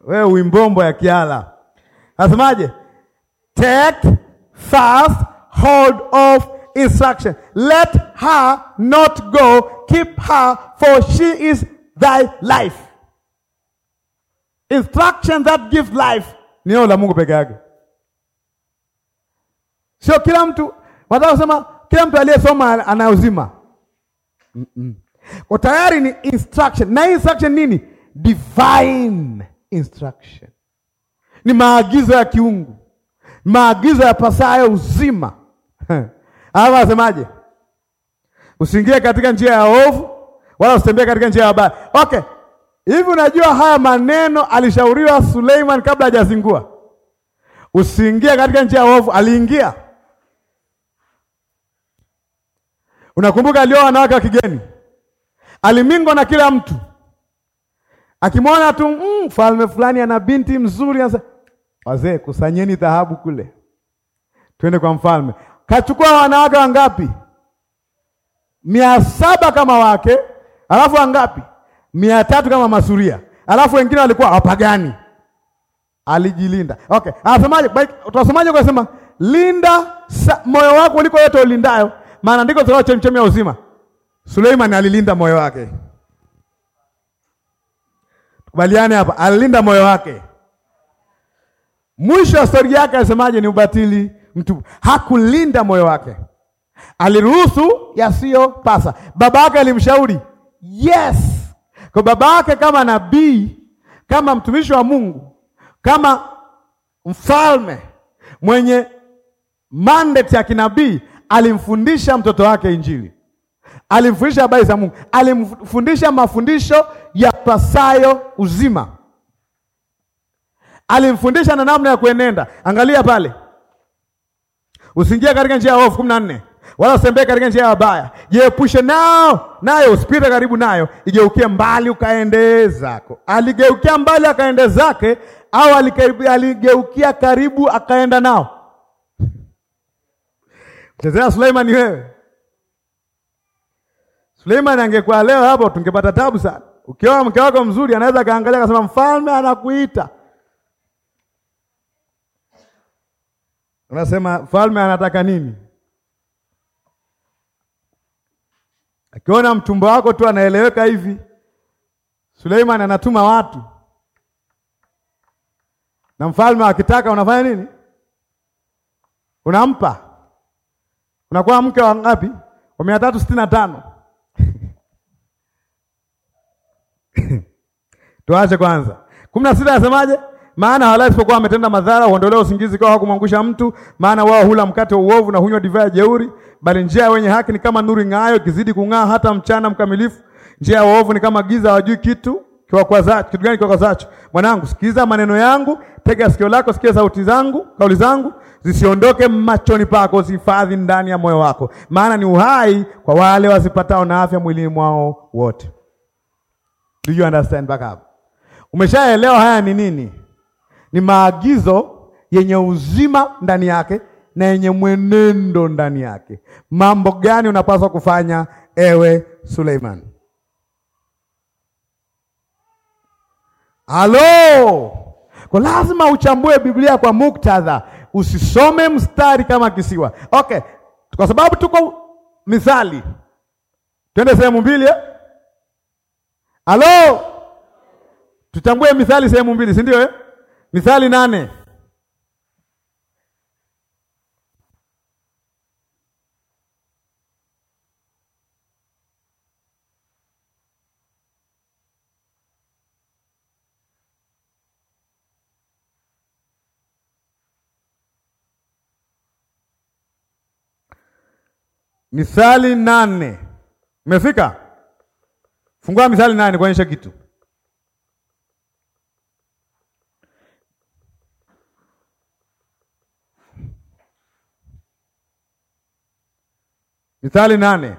wewe uimbombo ya Kiala nasemaje? Take fast hold of instruction, let her not go, keep her for she is thy life. Instruction that gives life ni neno la Mungu peke yake, sio kila mtu. Wataka kusema kila mtu aliyesoma ana uzima mm -mm. Kwa tayari ni instruction na instruction nini? Divine instruction, ni maagizo ya kiungu, maagizo ya pasayo uzima. Hapa asemaje? Usiingie katika njia ya ovu, wala usitembee katika njia ya wabaya. Okay, hivi unajua haya maneno alishauriwa Suleiman kabla hajazingua? Usiingie katika njia ya ovu, aliingia. Unakumbuka alioa wanawake wa kigeni, alimingwa na kila mtu akimwona tu mfalme mm, fulani ana binti mzuri, anasema wazee, kusanyeni dhahabu kule, twende kwa mfalme. Kachukua wanawake wangapi? mia saba kama wake, alafu wangapi? mia tatu kama masuria, alafu wengine walikuwa wapagani. Alijilinda. Okay, anasemaje? Utasomaje? Kasema linda moyo wako kuliko yote ulindayo, maana ndiko tutakao chemchemi ya uzima. Suleiman alilinda moyo wake. Kubaliane hapa, alilinda moyo wake. Mwisho wa stori yake alisemaje? Ni ubatili mtu, hakulinda moyo wake, aliruhusu yasiyo pasa Baba yake alimshauri yes, kwa baba yake kama nabii, kama mtumishi wa Mungu, kama mfalme mwenye mandate ya kinabii, alimfundisha mtoto wake Injili alimfundisha habari za Mungu, alimfundisha mafundisho ya pasayo uzima, alimfundisha na namna ya kuenenda. Angalia pale, usiingie katika njia ya hofu, kumi na nne, wala usembee katika njia ya wabaya, jiepushe nao, nayo usipite karibu nayo, igeukie mbali ukaende zako. Aligeukia mbali akaende zake, au aligeukia karibu akaenda nao? Tazama, Suleiman, wewe Suleiman angekuwa leo hapo tungepata tabu sana. Ukioa mke wako mzuri anaweza kaangalia akasema mfalme anakuita. Unasema mfalme anataka nini? Akiona mtumbo wako tu anaeleweka hivi, Suleiman anatuma watu, na mfalme akitaka unafanya nini? Unampa. Unakuwa mke wa ngapi? Wa mia tatu sitini na tano. tuache kwanza. kumi na sita anasemaje? Maana halali isipokuwa ametenda madhara, huondolewa usingizi kwa hakumwangusha mtu, maana wao hula mkate wa uovu na hunywa divai ya jeuri, bali njia ya wenye haki ni kama nuru ng'ayo, ikizidi kung'aa hata mchana mkamilifu. Njia ya waovu ni kama giza, hawajui kitu kwa kwa za kitu gani kwa kwa zacho. Mwanangu, sikiza maneno yangu, tega sikio lako, sikia sauti zangu, kauli zangu, zisiondoke machoni pako, zihifadhi ndani ya moyo wako, maana ni uhai kwa wale wasipatao na afya mwilini mwao wote. Do you understand back up? Umeshaelewa haya ni nini? Ni maagizo yenye uzima ndani yake na yenye mwenendo ndani yake. Mambo gani unapaswa kufanya ewe Suleiman? Halo, kwa lazima uchambue Biblia kwa muktadha, usisome mstari kama kisiwa. Okay, kwa sababu tuko Mithali, twende sehemu mbili eh? Halo, tutambue Mithali sehemu mbili, si ndio eh? Mithali nane Mithali nane. Umefika? Fungua Mithali nane kuonyesha kitu. Mithali nane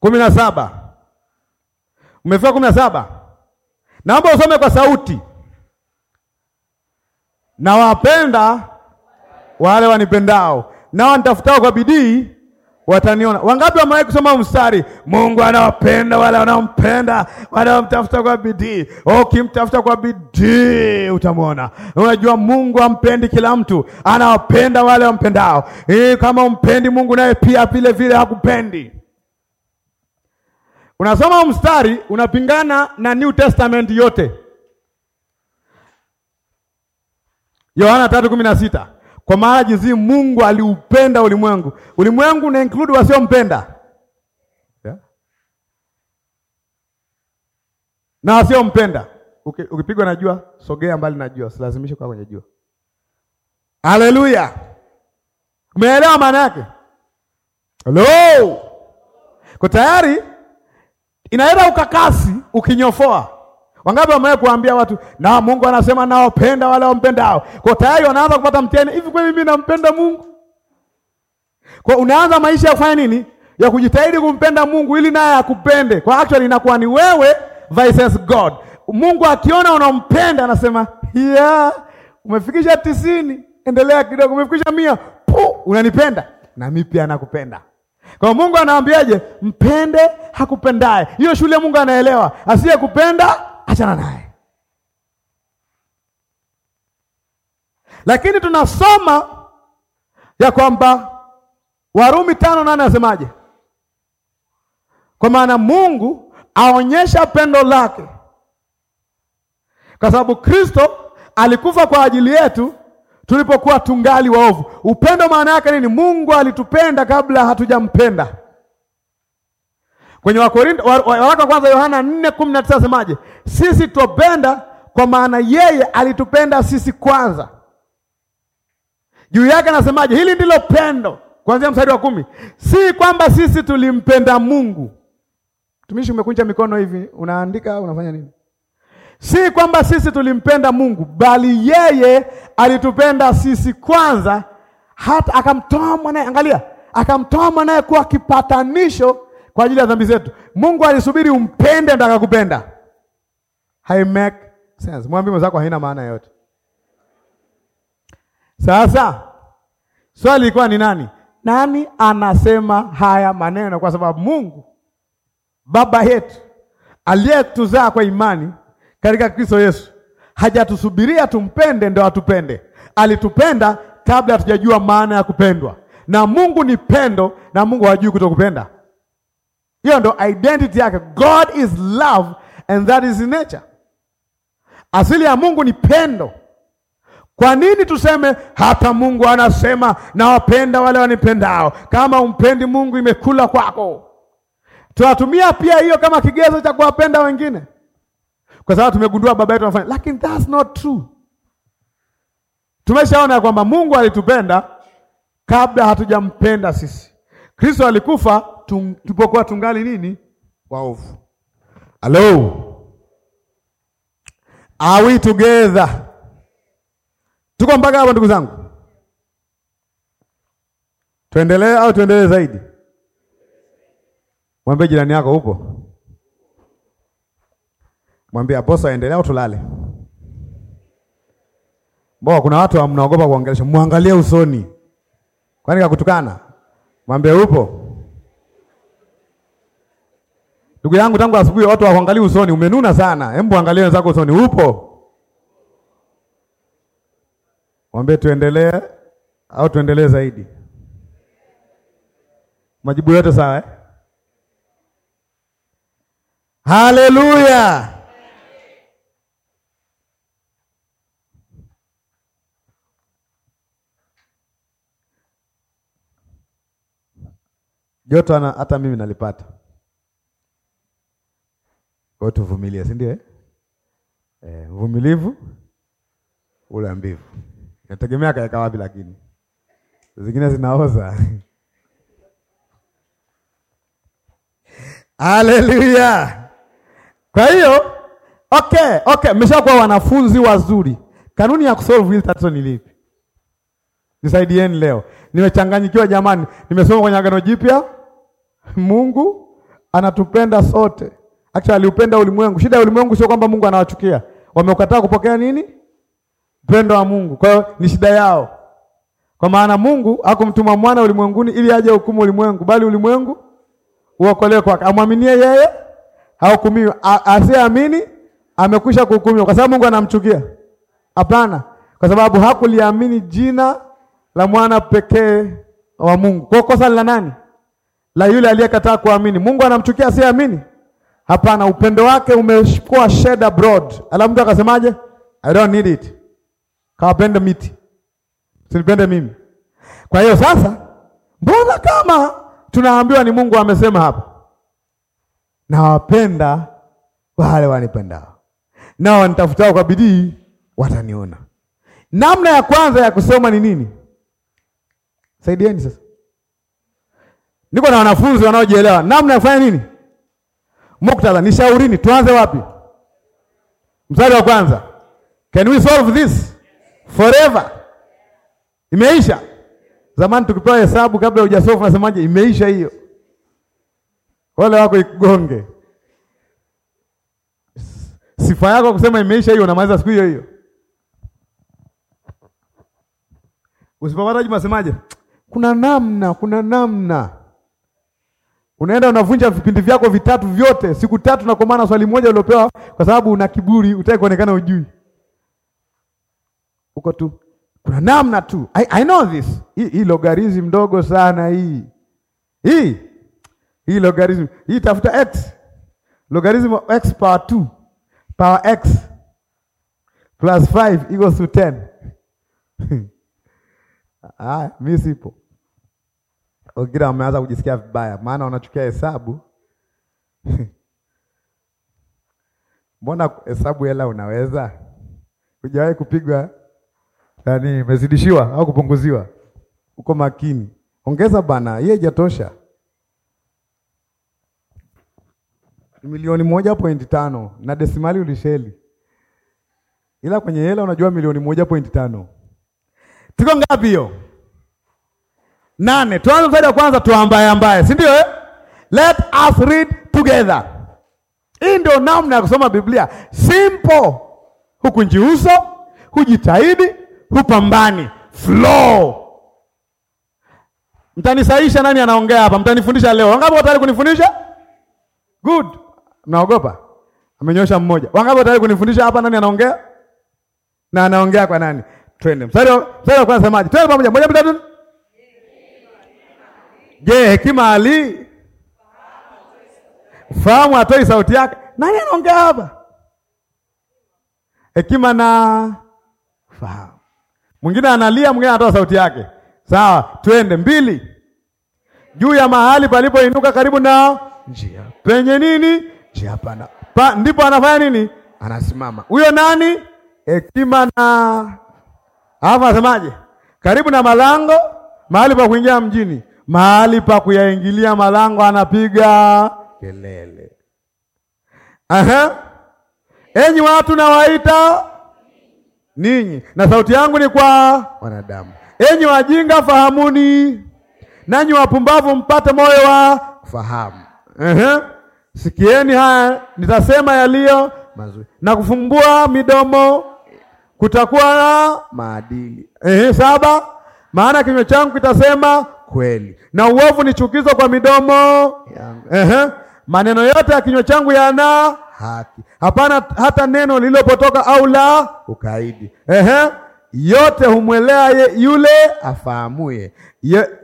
kumi na saba umefika kumi na saba Naomba usome kwa sauti. Nawapenda wale wanipendao nao nitafutao kwa bidii wataniona. Wangapi wamewahi kusoma mstari, Mungu anawapenda wale wanaompenda, wanaomtafuta kwa bidii? Oh, ukimtafuta kwa bidii utamwona. Unajua Mungu ampendi kila mtu, anawapenda wale wampendao. E, kama umpendi Mungu naye pia vile vile hakupendi. Unasoma mstari unapingana na New Testament yote. Yohana kwa maana jinsi Mungu aliupenda ulimwengu, ulimwengu na include wasiompenda yeah, na wasiompenda. Ukipigwa na jua, sogea mbali na jua, silazimishe kwa kwenye jua. Haleluya, umeelewa maana yake? Hello, kwa tayari inaenda ukakasi ukinyofoa Wangapi wamewahi kuambia watu na Mungu anasema nawapenda wale wampendao. Kwa tayari wanaanza kupata mtihani, hivi kweli mimi nampenda Mungu? Kwa unaanza maisha ya kufanya nini? Ya kujitahidi kumpenda Mungu ili naye akupende. Kwa actually inakuwa ni wewe versus God. Mungu akiona unampenda anasema, "Yeah, umefikisha tisini, endelea kidogo, umefikisha mia, pu, unanipenda." Na mimi pia nakupenda. Kwa Mungu anaambiaje? Mpende hakupendaye. Hiyo shule Mungu anaelewa. Asiyekupenda achana naye. Lakini tunasoma ya kwamba Warumi tano nane asemaje? Kwa maana Mungu aonyesha pendo lake kwa sababu Kristo alikufa kwa ajili yetu tulipokuwa tungali waovu. Upendo maana yake nini? Mungu alitupenda kabla hatujampenda. Kwenye Wakorinto waraka wa kwanza Yohana 4:19 nasemaje Sisi twapenda kwa maana yeye alitupenda sisi kwanza. Juu yake anasemaje? Hili ndilo pendo, kuanzia mstari wa kumi, si kwamba sisi tulimpenda Mungu. Mtumishi, umekunja mikono hivi, unaandika unafanya nini? Si kwamba sisi tulimpenda Mungu, bali yeye alitupenda sisi kwanza, hata akamtoa mwanae, Angalia, akamtoa mwanaye kuwa kipatanisho kwa ajili ya dhambi zetu. Mungu alisubiri umpende ndio akakupenda. Hai make sense. Mwambie mwenzako haina maana yote. Sasa swali ilikuwa ni nani? Nani anasema haya maneno? Kwa sababu Mungu Baba yetu aliyetuzaa kwa imani katika Kristo Yesu hajatusubiria tumpende ndio atupende. Alitupenda kabla hatujajua maana ya kupendwa, na Mungu ni pendo, na Mungu hajui kutokupenda. Hiyo ndo identity yake. God is love and that is nature. Asili ya Mungu ni pendo. Kwa nini tuseme hata Mungu anasema nawapenda wale wanipendao? Kama umpendi Mungu, imekula kwako. Tunatumia pia hiyo kama kigezo cha kuwapenda wengine, kwa sababu tumegundua baba yetu anafanya, lakini that's not true. Tumeshaona kwamba Mungu alitupenda kabla hatujampenda sisi. Kristo alikufa tung, tupokuwa tungali nini waovu. Hello. Are we together? Tuko mpaka hapo ndugu zangu? Tuendelee au tuendelee zaidi? Mwambie jirani yako huko, mwambie aposa, endelea au tulale? Mbona kuna watu mnaogopa kuongelesha, mwangalie usoni, kwani kakutukana? Mwambie upo Ndugu yangu, tangu asubuhi watu hawaangalii usoni, umenuna sana. Hebu angalia wenzako usoni, upo mwambie, tuendelee au tuendelee zaidi? Majibu yote sawa eh? Haleluya! Joto hata mimi nalipata. Kwa tuvumilie, si ndio? Eh, mvumilivu eh, ule mbivu. Inategemea kaeka wapi lakini. Zingine zinaoza. Haleluya. Kwa hiyo okay, okay, mmeshakuwa wanafunzi wazuri. Kanuni ya kusolve hili tatizo ni lipi? Nisaidieni leo. Nimechanganyikiwa jamani. Nimesoma kwenye Agano Jipya. Mungu anatupenda sote. Actually aliupenda ulimwengu. Shida ya ulimwengu sio kwamba Mungu anawachukia. Wameukataa kupokea nini? Pendo wa Mungu. Kwa hiyo ni shida yao. Kwa maana Mungu hakumtuma mwana ulimwenguni ili aje hukumu ulimwengu, bali ulimwengu uokolewe kwake. Amwaminie yeye hahukumiwi, asiyeamini amekwisha kuhukumiwa. Kwa sababu Mungu anamchukia? Hapana, kwa sababu hakuliamini jina la mwana pekee wa Mungu. Kwa kosa la nani? La yule aliyekataa kuamini. Mungu anamchukia asiyeamini? Hapana, upendo wake umekuwa shed abroad. Alafu mtu akasemaje? I don't need it. Kawapende miti, sinipende mimi. Kwa hiyo sasa, mbona kama tunaambiwa ni Mungu amesema hapa, nawapenda wale wanipendao, nao wanitafutao kwa bidii wataniona. Namna ya kwanza ya kusoma ni nini? Saidieni sasa, niko na wanafunzi wanaojielewa namna ya kufanya nini Muktadha, ni shaurini tuanze wapi? Mstari wa kwanza. Can we solve this forever? Imeisha. Zamani tukipewa hesabu kabla hujasolve unasemaje? Imeisha hiyo. Wale wako ikugonge sifa yako kusema imeisha hiyo, unamaliza siku hiyo hiyo. Usipopata jibu unasemaje? Kuna namna, kuna namna Unaenda unavunja vipindi vyako vitatu vyote, siku tatu nakomana swali moja uliopewa, kwa sababu una kiburi, utaki kuonekana ujui. Uko tu kuna namna tu. I, I know this. Hii hi logarithm ndogo sana hii hii hii logarithm hii, tafuta x logarithm of x power 2 power x plus 5 equals to 10. Ah, mimi sipo wengine wameanza kujisikia vibaya, maana wanachukia hesabu mbona hesabu hela unaweza? Hujawahi kupigwa yaani imezidishiwa au kupunguziwa? Uko makini, ongeza bana, hiyo haijatosha milioni moja pointi tano na desimali ulisheli, ila kwenye hela unajua milioni moja pointi tano tuko ngapi hiyo? nane. Tuanze mstari wa kwanza, tuambaye ambaye, si ndio eh? Let us read together. Hii ndio namna ya kusoma Biblia simple, hukunjiuso, hujitahidi, hupambani, flow. Mtanisaisha nani anaongea hapa? Mtanifundisha leo. Wangapi wataka kunifundisha? Good. Naogopa. Amenyosha mmoja. Wangapi wataka kunifundisha hapa nani anaongea? Na anaongea kwa nani? Twende. Mstari wa kwanza semaje? Twende pamoja. Moja, mbili, tatu. Je, hekima ali fahamu atoi sauti yake? Nani anaongea hapa? Hekima na fahamu. Mwingine analia, mwingine anatoa sauti yake. Sawa, twende mbili juu ya mahali palipoinuka karibu na njia penye nini, njia pana pa, ndipo anafanya nini? Anasimama huyo nani? Hekima na hapa, anasemaje? Karibu na malango, mahali pa kuingia mjini, mahali pa kuyaingilia malango anapiga kelele. Aha. Enyi watu nawaita ninyi, na sauti yangu ni kwa wanadamu. Enyi wajinga fahamuni, nanyi wapumbavu mpate moyo wa fahamu. Aha. Sikieni haya nitasema yaliyo mazuri na kufumbua midomo, kutakuwa na maadili. Eh, saba. Maana kinywa changu kitasema kweli, na uovu ni chukizo kwa midomo yangu. Ehe, maneno yote ya kinywa changu yana haki, hapana hata neno lililopotoka au la ukaidi. Ehe, yote humwelea yule afahamuye,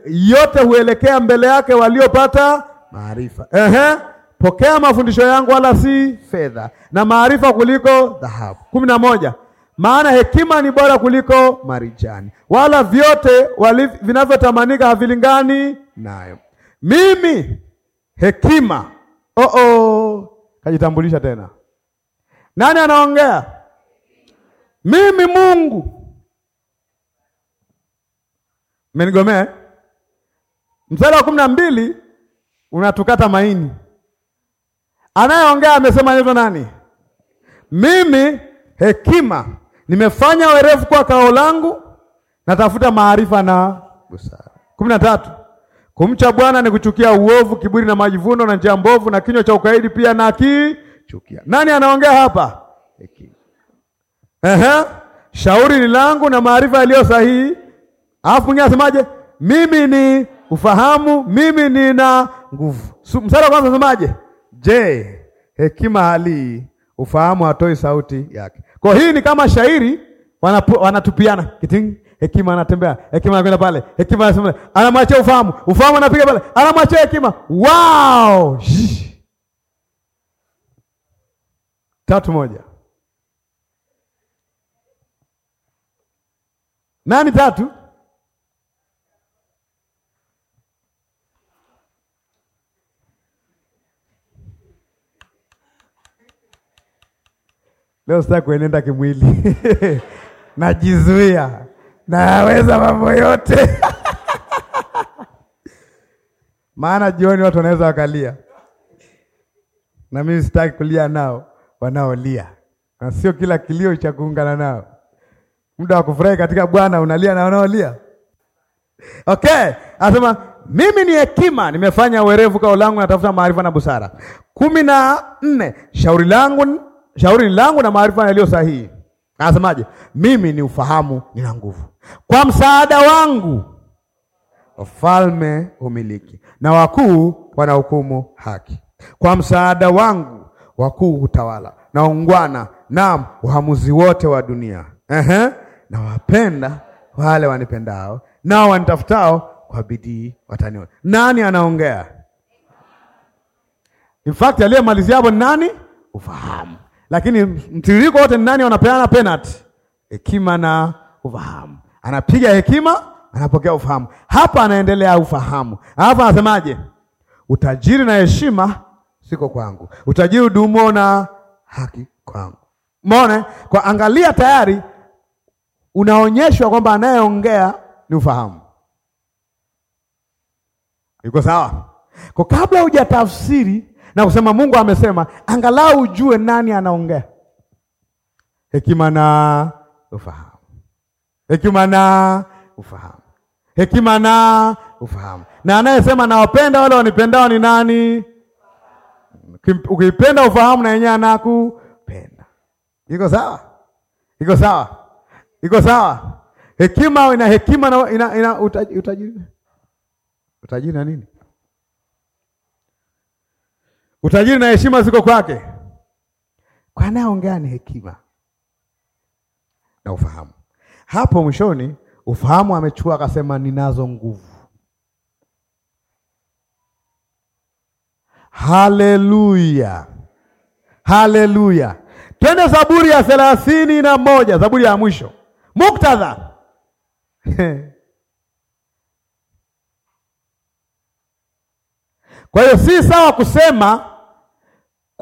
yote huelekea mbele yake waliopata maarifa. Ehe, pokea mafundisho yangu, wala si fedha, na maarifa kuliko dhahabu. kumi na moja maana hekima ni bora kuliko marijani, wala vyote vinavyotamanika havilingani nayo. Mimi hekima oh -oh. Kajitambulisha tena, nani anaongea? Mimi Mungu. Menigomee mstari wa kumi na mbili unatukata maini. Anayeongea amesema nivyo nani? Mimi hekima nimefanya werevu kwa kao langu, natafuta maarifa na busara. kumi na tatu kumcha Bwana ni kuchukia uovu, kiburi na majivuno na njia mbovu na kinywa cha ukaidi pia na kichukia. Nani anaongea hapa? Ehe, shauri ni langu na maarifa yaliyo sahihi. Alafu mwingine asemaje? Mimi ni ufahamu, mimi nina nguvu. Mstari wa kwanza asemaje? Je, hekima halii ufahamu hatoi sauti yake? Kwa hii ni kama shairi wanatupiana kiting hekima anatembea, hekima anakwenda pale, hekima anasema, anamwachia ufahamu, ufahamu anapiga pale, anamwachia hekima. Wow! Shhh. Tatu moja. Nani tatu? Leo sitaki kuenenda kimwili najizuia, naweza mambo yote maana jioni watu wanaweza wakalia, na mimi sitaki kulia nao wanaolia, na sio kila kilio cha kuungana nao. Muda wa kufurahi katika Bwana unalia na wanaolia. Okay, anasema mimi ni hekima, nimefanya werevu kao langu, natafuta maarifa na busara. kumi na nne shauri langu shauri langu na maarifa yaliyo sahihi. Anasemaje? Mimi ni ufahamu, nina nguvu. Kwa msaada wangu wafalme humiliki na wakuu wanahukumu haki. Kwa msaada wangu wakuu hutawala na ungwana, naam waamuzi wote wa dunia. Ehe, na wapenda wale wanipendao, nao wanitafutao kwa bidii wataniona. Nani anaongea? In fact aliyemalizia hapo nani? Ufahamu lakini mtiririko wote ni nani wanapeana penalty? Hekima na ufahamu. Anapiga hekima, anapokea ufahamu. Hapa anaendelea ufahamu, alafu anasemaje? Utajiri na heshima siko kwangu, utajiri udumo na haki kwangu. Mone Kwa angalia, tayari unaonyeshwa kwamba anayeongea ni ufahamu. Iko sawa? Kwa kabla hujatafsiri na kusema Mungu amesema, angalau ujue nani anaongea. Hekima na ufahamu, hekima na ufahamu, hekima na ufahamu. Na anayesema nawapenda wale wanipendao ni nani? Ukipenda ufahamu, na yenyewe anakupenda. Iko sawa? Iko sawa? Iko sawa? Hekima ina hekima na ina, ina utajiri, utajiri na nini? Utajiri na heshima ziko kwake, kwa anayeongea ni hekima na ufahamu. Hapo mwishoni, ufahamu amechukua akasema, ninazo nguvu. Haleluya, haleluya! Twende Zaburi ya thelathini na moja, Zaburi ya mwisho, muktadha Kwa hiyo si sawa kusema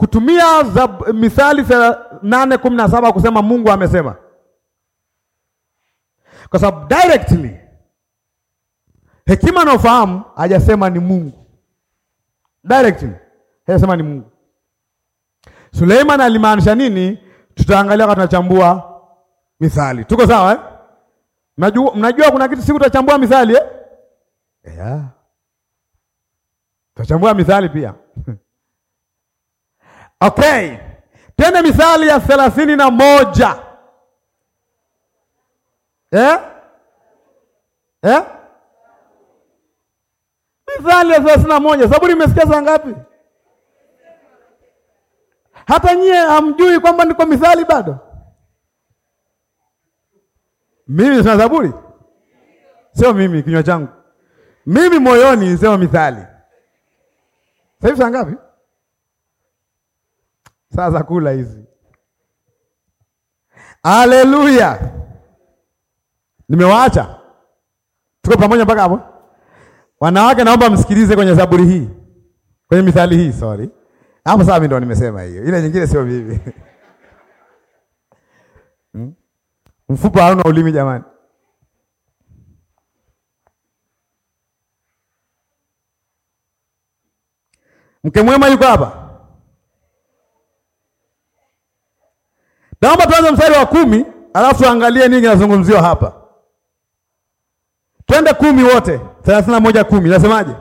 kutumia za Mithali nane kumi na saba kusema Mungu amesema, kwa sababu directly hekima na ufahamu hajasema ni Mungu directly, hajasema ni Mungu. Suleiman alimaanisha nini? Tutaangalia wakati tunachambua Mithali. Tuko sawa eh? Mnajua, mnajua kuna kitu siku tutachambua Mithali eh? Yeah. Tutachambua Mithali pia Okay, twende Mithali ya thelathini na moja eh? Eh? Mithali ya thelathini na moja Zaburi imesikia saa ngapi? Hata nyie hamjui kwamba ndiko Mithali bado? Mimi sina Zaburi, sio mimi kinywa changu, mimi moyoni nisema Mithali. Sasa hivi saa ngapi? saa za kula hizi. Haleluya, nimewaacha tuko pamoja mpaka hapo. Wanawake, naomba msikilize kwenye zaburi hii, kwenye mithali hii, sorry hapo. Sasa mimi ndo nimesema hiyo, ile nyingine sio vivi hmm? Mfupa hauna ulimi jamani. Mke mwema yuko hapa Naomba tuanze mstari wa kumi alafu tuangalie nini kinazungumziwa hapa. Twende kumi wote, thelathini na moja kumi nasemaje?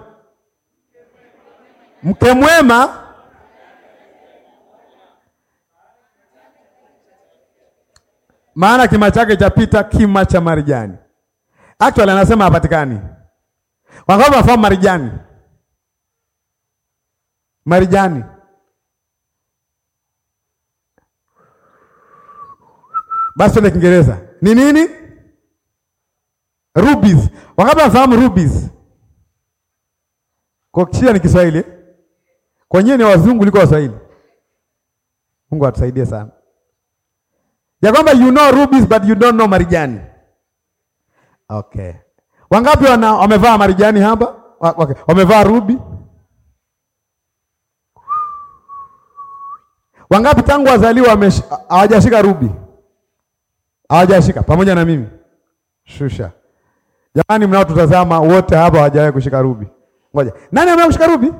Mke mwema maana kima chake chapita kima cha marijani. Actually anasema hapatikani, wakafahamu marijani, marijani Basi tuende Kiingereza ni nini? Rubies. Wangapi wanafahamu rubies? kishia ni Kiswahili kwenyewe, ni wazungu liko Waswahili. Mungu atusaidie sana ya kwamba you know rubies but you don't know marijani. Okay, wangapi wana wamevaa marijani hapa? Okay. Wamevaa rubi wangapi? Tangu wazaliwa hawajashika rubi? hawajashika pamoja na mimi. Shusha jamani, mnaotutazama wote hapa hawajawahi kushika rubi. Ngoja, nani amewahi kushika rubi?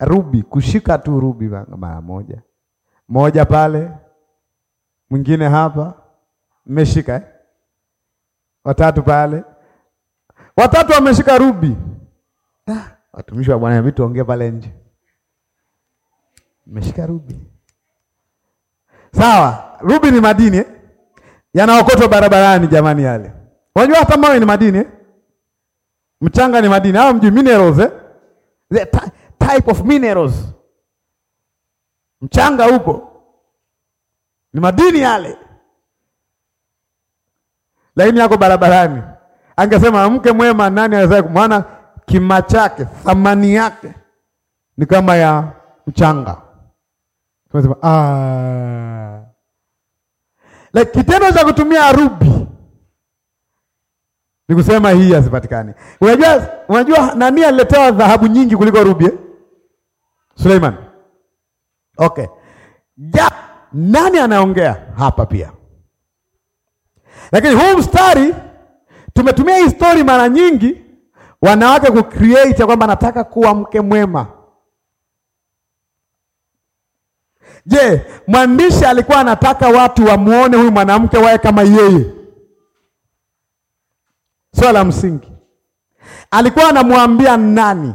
Rubi kushika tu rubi mara moja moja pale, mwingine hapa, mmeshika eh? Watatu pale, watatu wameshika rubi. Ah, watumishi wa Bwana, vitu ongea pale nje, mmeshika rubi. Sawa, rubi ni madini eh? yanaokotwa barabarani jamani, yale unajua, hata mawe ni madini eh? Mchanga ni madini au mjui minerals eh? The type of minerals. Mchanga huko ni madini yale, lakini yako barabarani. Angesema mke mwema, nani anaweza kumwana? Kima chake thamani yake ni kama ya mchanga. Tunasema ah like kitendo cha kutumia rubi ni kusema hii hazipatikani. Unajua, unajua nani aliletewa dhahabu nyingi kuliko rubi eh? Suleiman. Okay. Ja, nani anaongea hapa pia? Lakini huu mstari tumetumia hii story mara nyingi wanawake kucreate kwamba nataka kuwa mke mwema Je, mwandishi alikuwa anataka watu wamuone huyu mwanamke wae kama yeye? Swala la msingi, alikuwa anamwambia nani?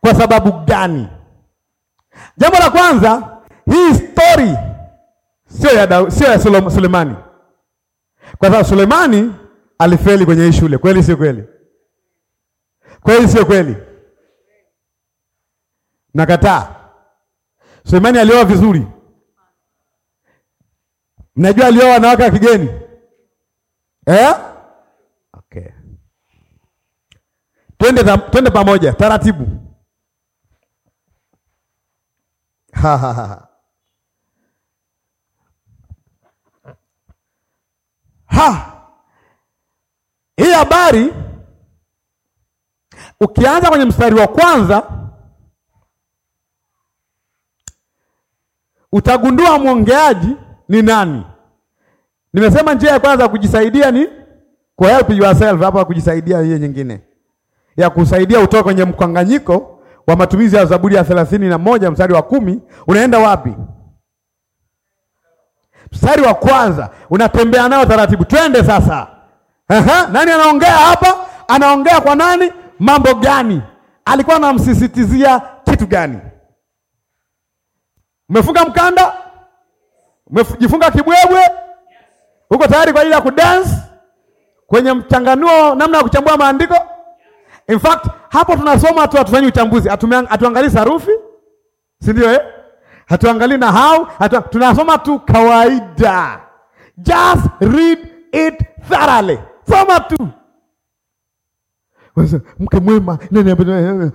Kwa sababu gani? Jambo la kwanza, hii story sio ya, sio ya Sulemani, kwa sababu Sulemani alifeli kwenye hii shule. Kweli sio kweli? Kweli sio kweli? Nakataa. Sulemani alioa vizuri. Mnajua alioa wanawake wa kigeni eh? Okay. Twende, twende pamoja taratibu. Ha, ha, ha. Ha. Hii habari ukianza kwenye mstari wa kwanza utagundua mwongeaji ni nani. Nimesema njia ya kwanza kujisaidia ni ku help yourself, hapa kujisaidia hiyo nyingine ya kusaidia utoka kwenye mkanganyiko wa matumizi ya Zaburi ya thelathini na moja mstari wa kumi unaenda wapi? Mstari wa kwanza unatembea nao taratibu, twende sasa. Aha, nani anaongea hapa? Anaongea kwa nani? Mambo gani? Alikuwa anamsisitizia kitu gani? Umefunga mkanda? Umejifunga kibwebwe? Uko tayari kwa ajili ya kudance kwenye mchanganuo, namna ya kuchambua maandiko? In fact, hapo tunasoma tu, hatufanyi uchambuzi, hatuangalii sarufi, si ndio eh? Hatuangalii na how, hatu, tunasoma tu kawaida. Just read it thoroughly. Soma tu mke mwema, eh,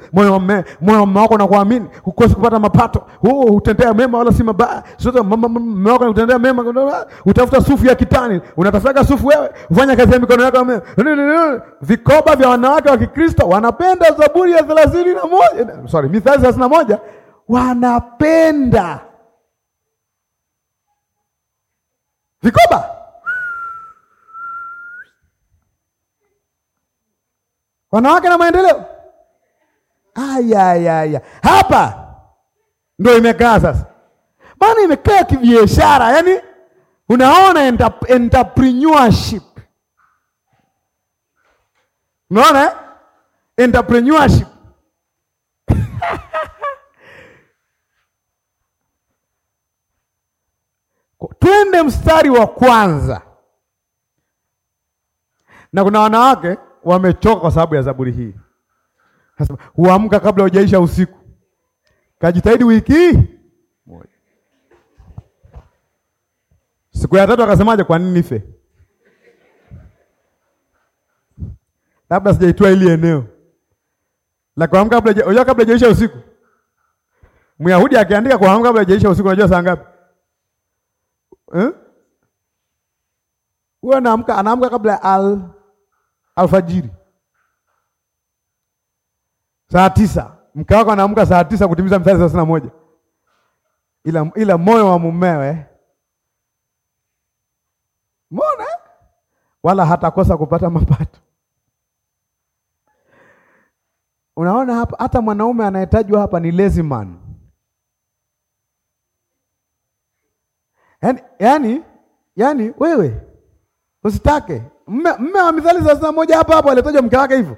moyo wa wako na kuamini, kupata mapato, utendea mema wala si mabaya. Mume wako mema, utafuta sufu ya kitani, unatafutaga sufu wewe, ufanya kazi ya mikono yako. Vikoba vya wanawake wa Kikristo wanapenda Zaburi ya thelathini na moja, eh, sorry, Mithali thelathini na moja, wanapenda vikoba wanawake na maendeleo. Ayayaya, hapa ndo imekaa sasa bana, imekaa kibiashara, yaani unaona entrepreneurship, unaona eh? entrepreneurship twende mstari wa kwanza na kuna wanawake wamechoka kwa sababu ya zaburi hii. Sasa huamka kabla hujaisha usiku, kajitahidi wiki moja. Siku ya tatu akasemaje? Kwa nini nife? Labda sijaitwa ili eneo la kuamka kabla hujaisha, kabla hujaisha usiku. Myahudi akiandika kuamka kabla hujaisha usiku, unajua saa ngapi eh? Huwa anaamka anaamka kabla al alfajiri saa tisa, mke wako anaamka saa tisa kutimiza mstari thelathini na moja ila, ila moyo wa mumewe mona wala hatakosa kupata mapato. Unaona hapa, hata mwanaume anayetajwa hapa ni lazy man. Yani, yani, yani wewe usitake Mme wa Mithali thelathini na moja hapa hapo alitajwa mke wake hivyo.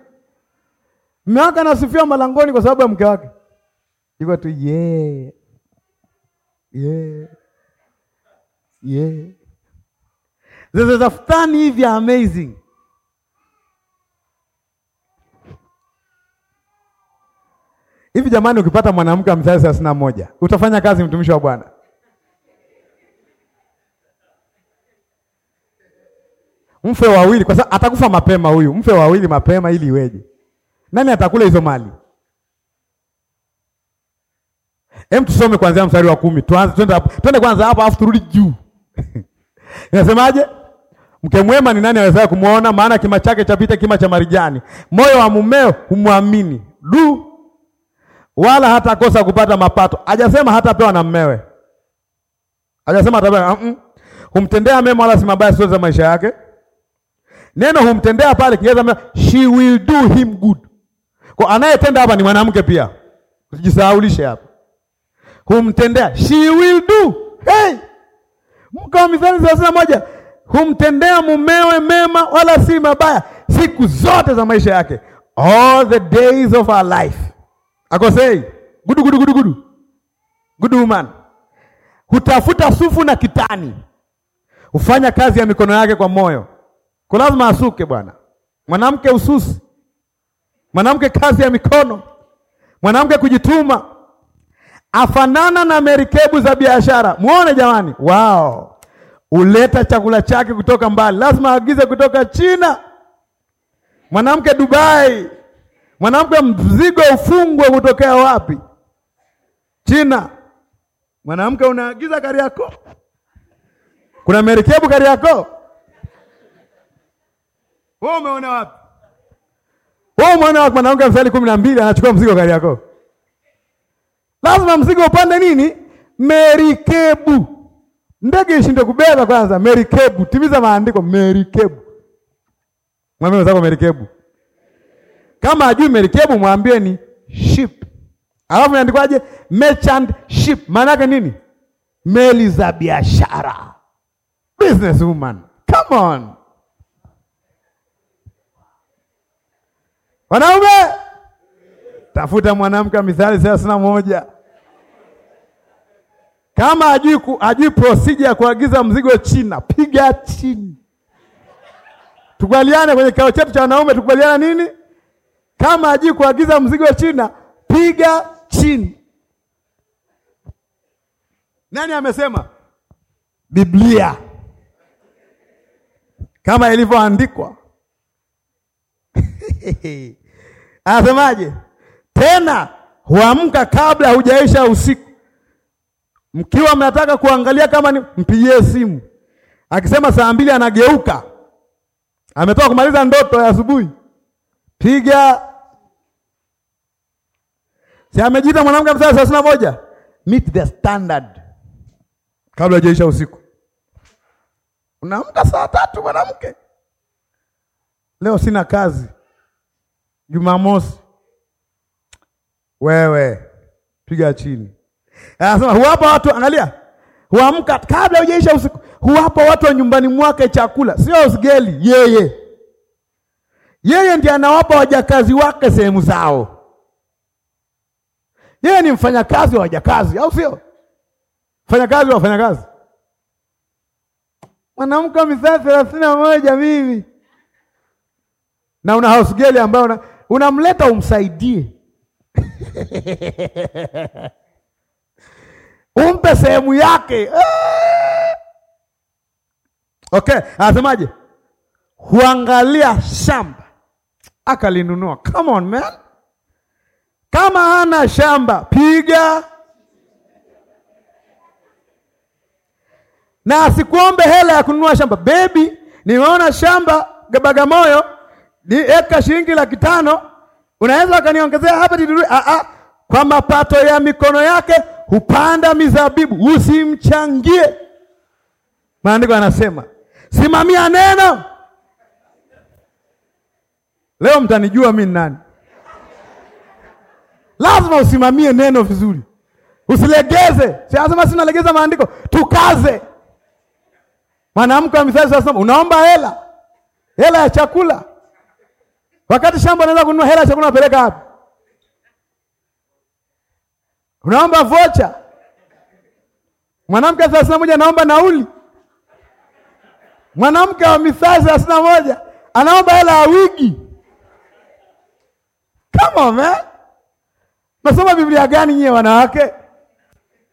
Mme wake anasifia malangoni kwa sababu ya mke wake. iko tu yeah. Yeah. Yeah. Sasa futani hivi amazing. Hivi jamani ukipata mwanamke wa Mithali thelathini na moja utafanya kazi mtumishi wa Bwana? Mfe wawili kwa sababu atakufa mapema huyu. Mfe wawili mapema ili iweje? Nani atakula hizo mali? Hem, tusome kuanzia mstari wa kumi. Tuanze twende hapo. Twende kwanza hapo afu turudi juu. Inasemaje? Mke mwema ni nani awezaye kumwona? Maana kima chake chapita kima cha marijani. Moyo wa mumeo humwamini. Du! Wala hata kosa kupata mapato. Hajasema hatapewa na mmewe. Hajasema hatapewa. Humtendea mema wala si mabaya siku za maisha yake. Neno humtendea pale Kiingereza she will do him good. Kwa anayetenda hapa ni mwanamke pia. Usijisahaulishe hapa. Humtendea she will do. Hey! Mko wa Mithali thelathini na moja humtendea mumewe mema wala si mabaya siku zote za maisha yake, all the days of her life. Akosei gudu gudu gudu gudu gudu man hutafuta sufu na kitani, hufanya kazi ya mikono yake kwa moyo kwa lazima asuke bwana. Mwanamke ususi, mwanamke kazi ya mikono, mwanamke kujituma, afanana na merikebu za biashara. Muone jamani, wao uleta chakula chake kutoka mbali, lazima aagize kutoka China, mwanamke Dubai, mwanamke mzigo ufungwe kutokea wapi? China. Mwanamke unaagiza Kariakoo, kuna merikebu Kariakoo wewe umeona wapi? Wewe umeona wapi? Mwanamke mstari kumi na mbili anachukua mzigo gari yako, lazima mzigo upande nini? Merikebu. Ndege ishinde kubeba kwanza, merikebu. Timiza maandiko, merikebu. Mwambie wenzako merikebu. Kama hajui merikebu, mwambie ni ship. Alafu inaandikwaje? Merchant ship. Maana yake nini? Meli za biashara. Businesswoman. Come on. Wanaume, tafuta mwanamke Mithali thelathini na moja. Kama hajui hajui procedure ya kuagiza mzigo China, piga chini. Tukubaliane kwenye kikao chetu cha wanaume, tukubaliana nini? Kama ajui kuagiza mzigo China, piga chini. Nani amesema? Biblia, kama ilivyoandikwa Anasemaje? Tena huamka kabla hujaisha usiku, mkiwa mnataka kuangalia kama ni mpigie simu, akisema saa mbili anageuka, ametoka kumaliza ndoto ya asubuhi, piga si amejiita mwanamke msaa thelathini na moja meet the standard kabla hujaisha usiku. Unaamka saa tatu mwanamke, leo sina kazi Jumamosi wewe piga chini. Anasema huwapa watu, angalia, huamka kabla hujaisha usiku, huwapa watu wa nyumbani mwake chakula, sio usgeli yeye. Yeye ndiye anawapa wajakazi wake sehemu zao. Yeye ni mfanyakazi wa wajakazi, au sio? Mfanyakazi wa wafanyakazi. Mwanamke wa Mithali thelathini na moja mimi na una house girl ambayo unamleta umsaidie umpe sehemu yake. Eh! Okay, anasemaje? Huangalia shamba akalinunua. Come on man, kama ana shamba piga na asikuombe hela ya kununua shamba. Bebi, nimeona shamba Bagamoyo eka shilingi laki tano, unaweza ukaniongezea hapa diduru, ah, ah. kwa mapato ya mikono yake hupanda mizabibu, usimchangie. Maandiko anasema simamia neno. Leo mtanijua mimi nani. Lazima usimamie neno vizuri, usilegeze. Siasema sinalegeza maandiko, tukaze. Mwanamke wa Misali sasa, unaomba hela hela ya chakula Wakati shamba unaweza kununua hela cha kunapeleka hapo. Unaomba vocha. Mwanamke thelathini na moja anaomba nauli. Mwanamke wa mithali thelathini na moja anaomba hela ya wigi. Come on man. Nasoma Biblia gani nyie wanawake?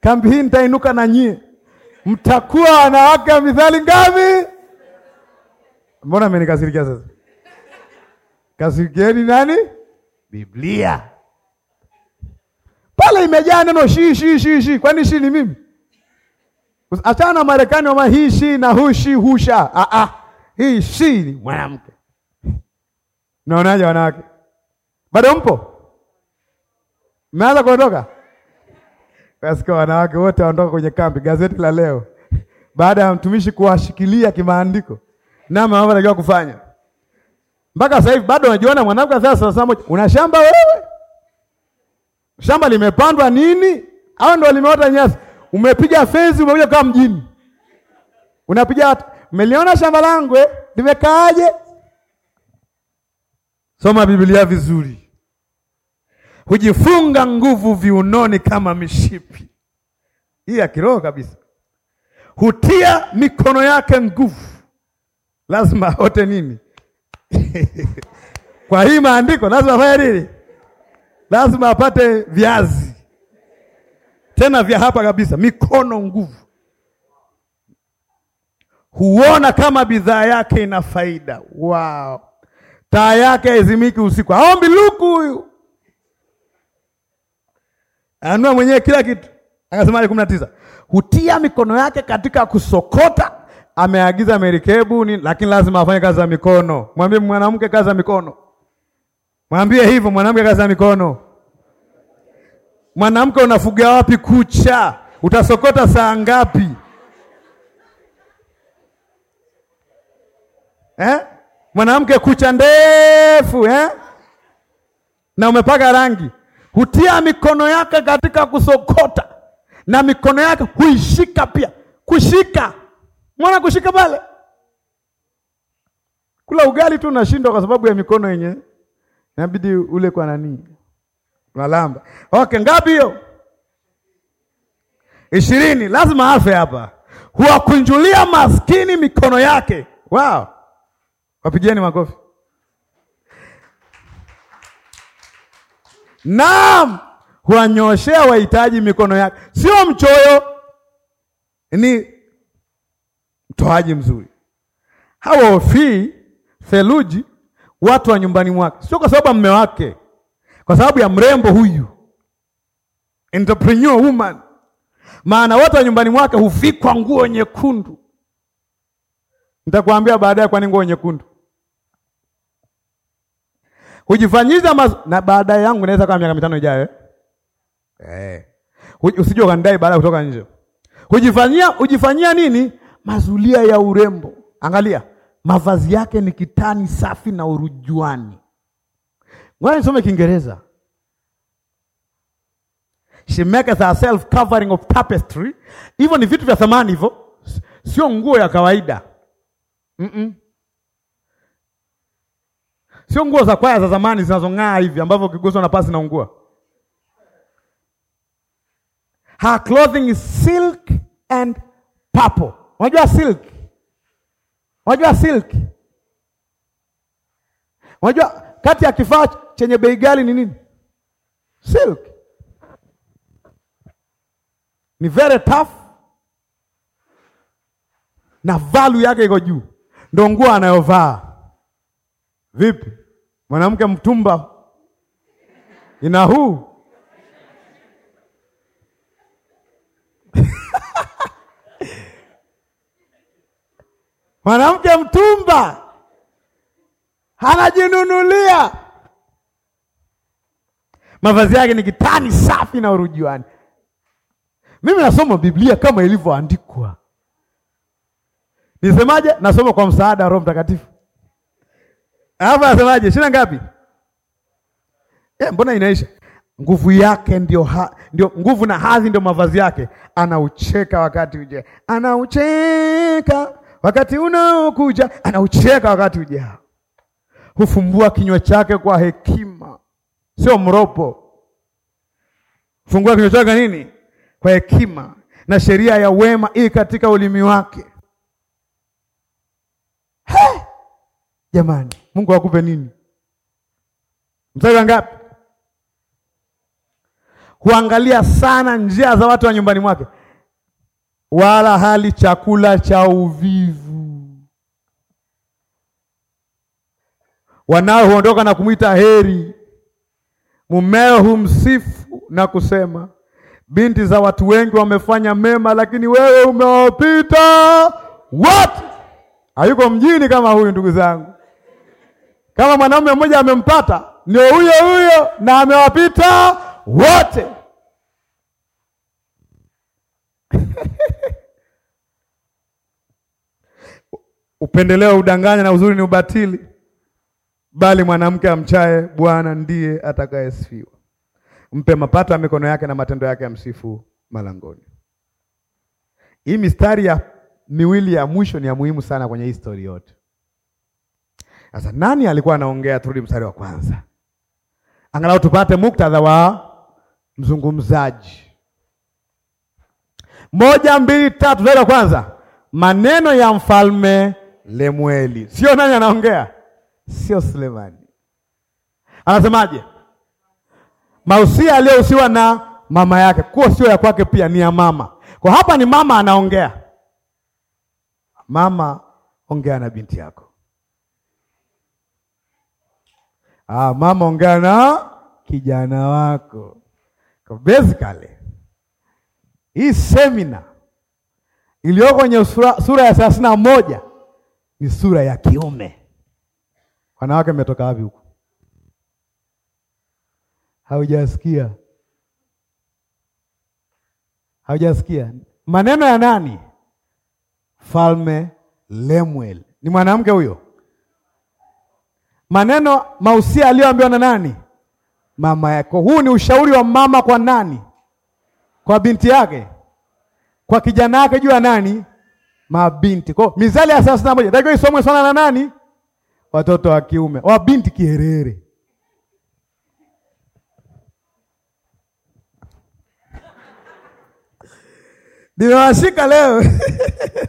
Kambi hii nitainuka na nyie. Mtakuwa wanawake wa mithali ngapi? Mbona amenikasirikia sasa? Kasikieni nani? Biblia pale imejaa neno shi shi shi shi. Kwani shi ni mimi? Achana na Marekani wama hii shi na hushi husha. Ah, ah. Hii shi ni mwanamke. Naonaje wanawake? Bado mpo? Mmeanza kuondoka? Basi kwa wanawake wote waondoka kwenye kambi. Gazeti la leo, baada ya mtumishi kuwashikilia kimaandiko, nama anajua kufanya mpaka sasa hivi bado unajiona mwanamke sasa moja. Una shamba wewe? Shamba limepandwa nini? Au ndio limeota nyasi? Umepiga fenzi, umekuja kama mjini. Unapiga hata Umeliona shamba langu eh? Limekaaje? Soma Biblia vizuri. Hujifunga nguvu viunoni kama mishipi. Hii ya kiroho kabisa. Hutia mikono yake nguvu. Lazima aote nini? Kwa hii maandiko lazima afanye nini? Lazima apate viazi tena vya hapa kabisa, mikono nguvu. Huona kama bidhaa yake ina faida. Wow, taa yake haizimiki usiku, aombi luku. Huyu anua mwenyewe kila kitu. Akasemaje? kumi na tisa, hutia mikono yake katika kusokota ameagiza merikebu, lakini lazima afanye kazi za mikono. Mwambie mwanamke kazi za mikono, mwambie hivyo mwanamke kazi za mikono. Mwanamke unafuga wapi kucha? Utasokota saa ngapi eh? Mwanamke kucha ndefu eh? na umepaka rangi, hutia mikono yake katika kusokota, na mikono yake huishika pia kushika Mwana kushika pale kula ugali tu unashindwa kwa sababu ya mikono yenye inabidi ule kwa nani? Unalamba. Okay, ngapi hiyo? Ishirini. Lazima afe hapa. Huwakunjulia maskini mikono yake. Wow. Wapigieni makofi. Naam, huwanyoshea wahitaji mikono yake, sio mchoyo, ni mtoaji mzuri. Hawaofii theluji watu wa nyumbani mwake, sio kwa sababu ya mme wake, kwa sababu ya mrembo huyu, entrepreneur woman. Maana watu wa nyumbani mwake hufikwa nguo nyekundu. Nitakwambia baadaye kwa nini nguo nyekundu hujifanyiza maz... na baadaye yangu naweza kama miaka mitano ijayo eh, Hey. usije ukandai baada kutoka nje. Hujifanyia hujifanyia nini? mazulia ya urembo. Angalia mavazi yake ni kitani safi na urujuani. Ngoja nisome Kiingereza. She makes herself covering of tapestry. Hivyo ni vitu vya thamani hivyo, sio nguo ya kawaida mm -mm. Sio nguo za kwaya za zamani zinazong'aa hivi ambavyo ukiguswa na pasi naungua. Her clothing is silk and purple Unajua silk, unajua silk, unajua kati ya kifaa chenye bei ghali ni nini? Silk ni very tough na value yake iko juu, ndio nguo anayovaa. Vipi mwanamke mtumba ina huu Mwanamke mtumba anajinunulia mavazi yake ni kitani safi na urujuani. Mimi nasoma Biblia kama ilivyoandikwa. Nisemaje? Nasoma kwa msaada wa Roho Mtakatifu. Hapa nasemaje? Shina ngapi? Eh, mbona inaisha? Nguvu yake ndio ha, ndio nguvu na hadhi ndio mavazi yake. Anaucheka wakati uje. Anaucheka wakati unaokuja anaucheka wakati ujao. Hufumbua kinywa chake kwa hekima, sio mropo. Fungua kinywa chake nini? Kwa hekima, na sheria ya wema ii katika ulimi wake. He! Jamani, Mungu akupe nini? Mstari ngapi? Huangalia sana njia za watu wa nyumbani mwake wala hali chakula cha uvivu. Wanawe huondoka na kumwita heri, mumeo humsifu na kusema, binti za watu wengi wamefanya mema, lakini wewe umewapita wote. Hayuko mjini kama huyu, ndugu zangu. Kama mwanaume mmoja amempata, ndio huyo huyo, na amewapita wote. Upendeleo udanganya na uzuri ni ubatili, bali mwanamke amchaye Bwana ndiye atakayesifiwa. Mpe mapato ya mikono yake na matendo yake yamsifu malangoni. Hii mistari ya miwili ya mwisho ni ya muhimu sana kwenye historia yote. Sasa nani alikuwa anaongea? Turudi mstari wa kwanza, angalau tupate muktadha wa mzungumzaji. Moja, mbili, tatu. Mstari wa kwanza, maneno ya mfalme Lemueli. Sio nani anaongea? Sio Sulemani. Anasemaje? Mausia aliyohusiwa na mama yake, kuwa sio ya kwake, pia ni ya mama. Kwa hapa ni mama anaongea. Mama, ongea na binti yako. Ah, mama, ongea na kijana wako. Kwa basically hii semina iliyoko kwenye sura, sura ya thelathini na moja ni sura ya kiume. Wanawake mmetoka wapi huku? Haujasikia? Haujasikia maneno ya nani? Falme Lemuel ni mwanamke huyo. Maneno mausia aliyoambiwa na nani? Mama yako. Huu ni ushauri wa mama kwa nani? Kwa binti yake, kwa kijana yake, juu ya nani? mabinti. Kwa mizali ya thelathini na moja takiwa isomwe sana na nani? Watoto wa kiume, wabinti kiherere Nimewashika leo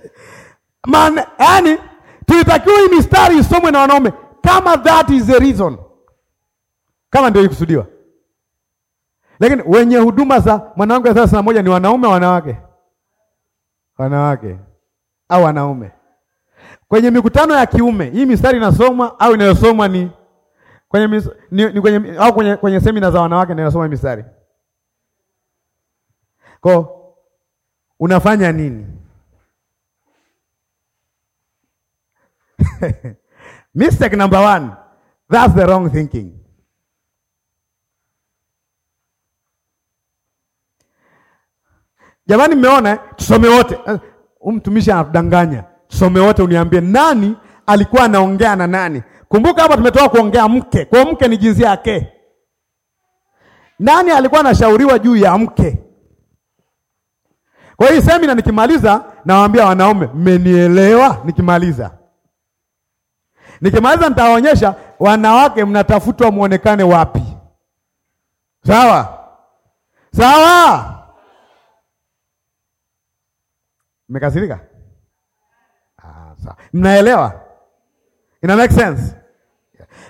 Man, yani tulitakiwa hii mistari isomwe na wanaume kama that is the reason, kama ndio ikusudiwa. Lakini wenye huduma za mwanamke thelathini na moja ni wanaume, wanawake, wanawake au wanaume kwenye mikutano ya kiume. Hii mistari inasomwa au inayosomwa ni kwenye, mis, ni, ni kwenye au kwenye, kwenye semina za wanawake ndio inasoma mistari. ko unafanya nini? Mistake number one, that's the wrong thinking. Jamani, mmeona tusome wote Huyu mtumishi anatudanganya. Tusome wote uniambie nani alikuwa anaongea na nani. Kumbuka hapa tumetoka kuongea mke. Kwa mke ni jinsia yake. Nani alikuwa anashauriwa juu ya mke? Kwa hiyo semina nikimaliza nawaambia wanaume, mmenielewa? Nikimaliza nikimaliza nitawaonyesha wanawake mnatafutwa muonekane wapi. Sawa sawa. Mmekasirika? Ah, sawa. Mnaelewa? Ina make sense?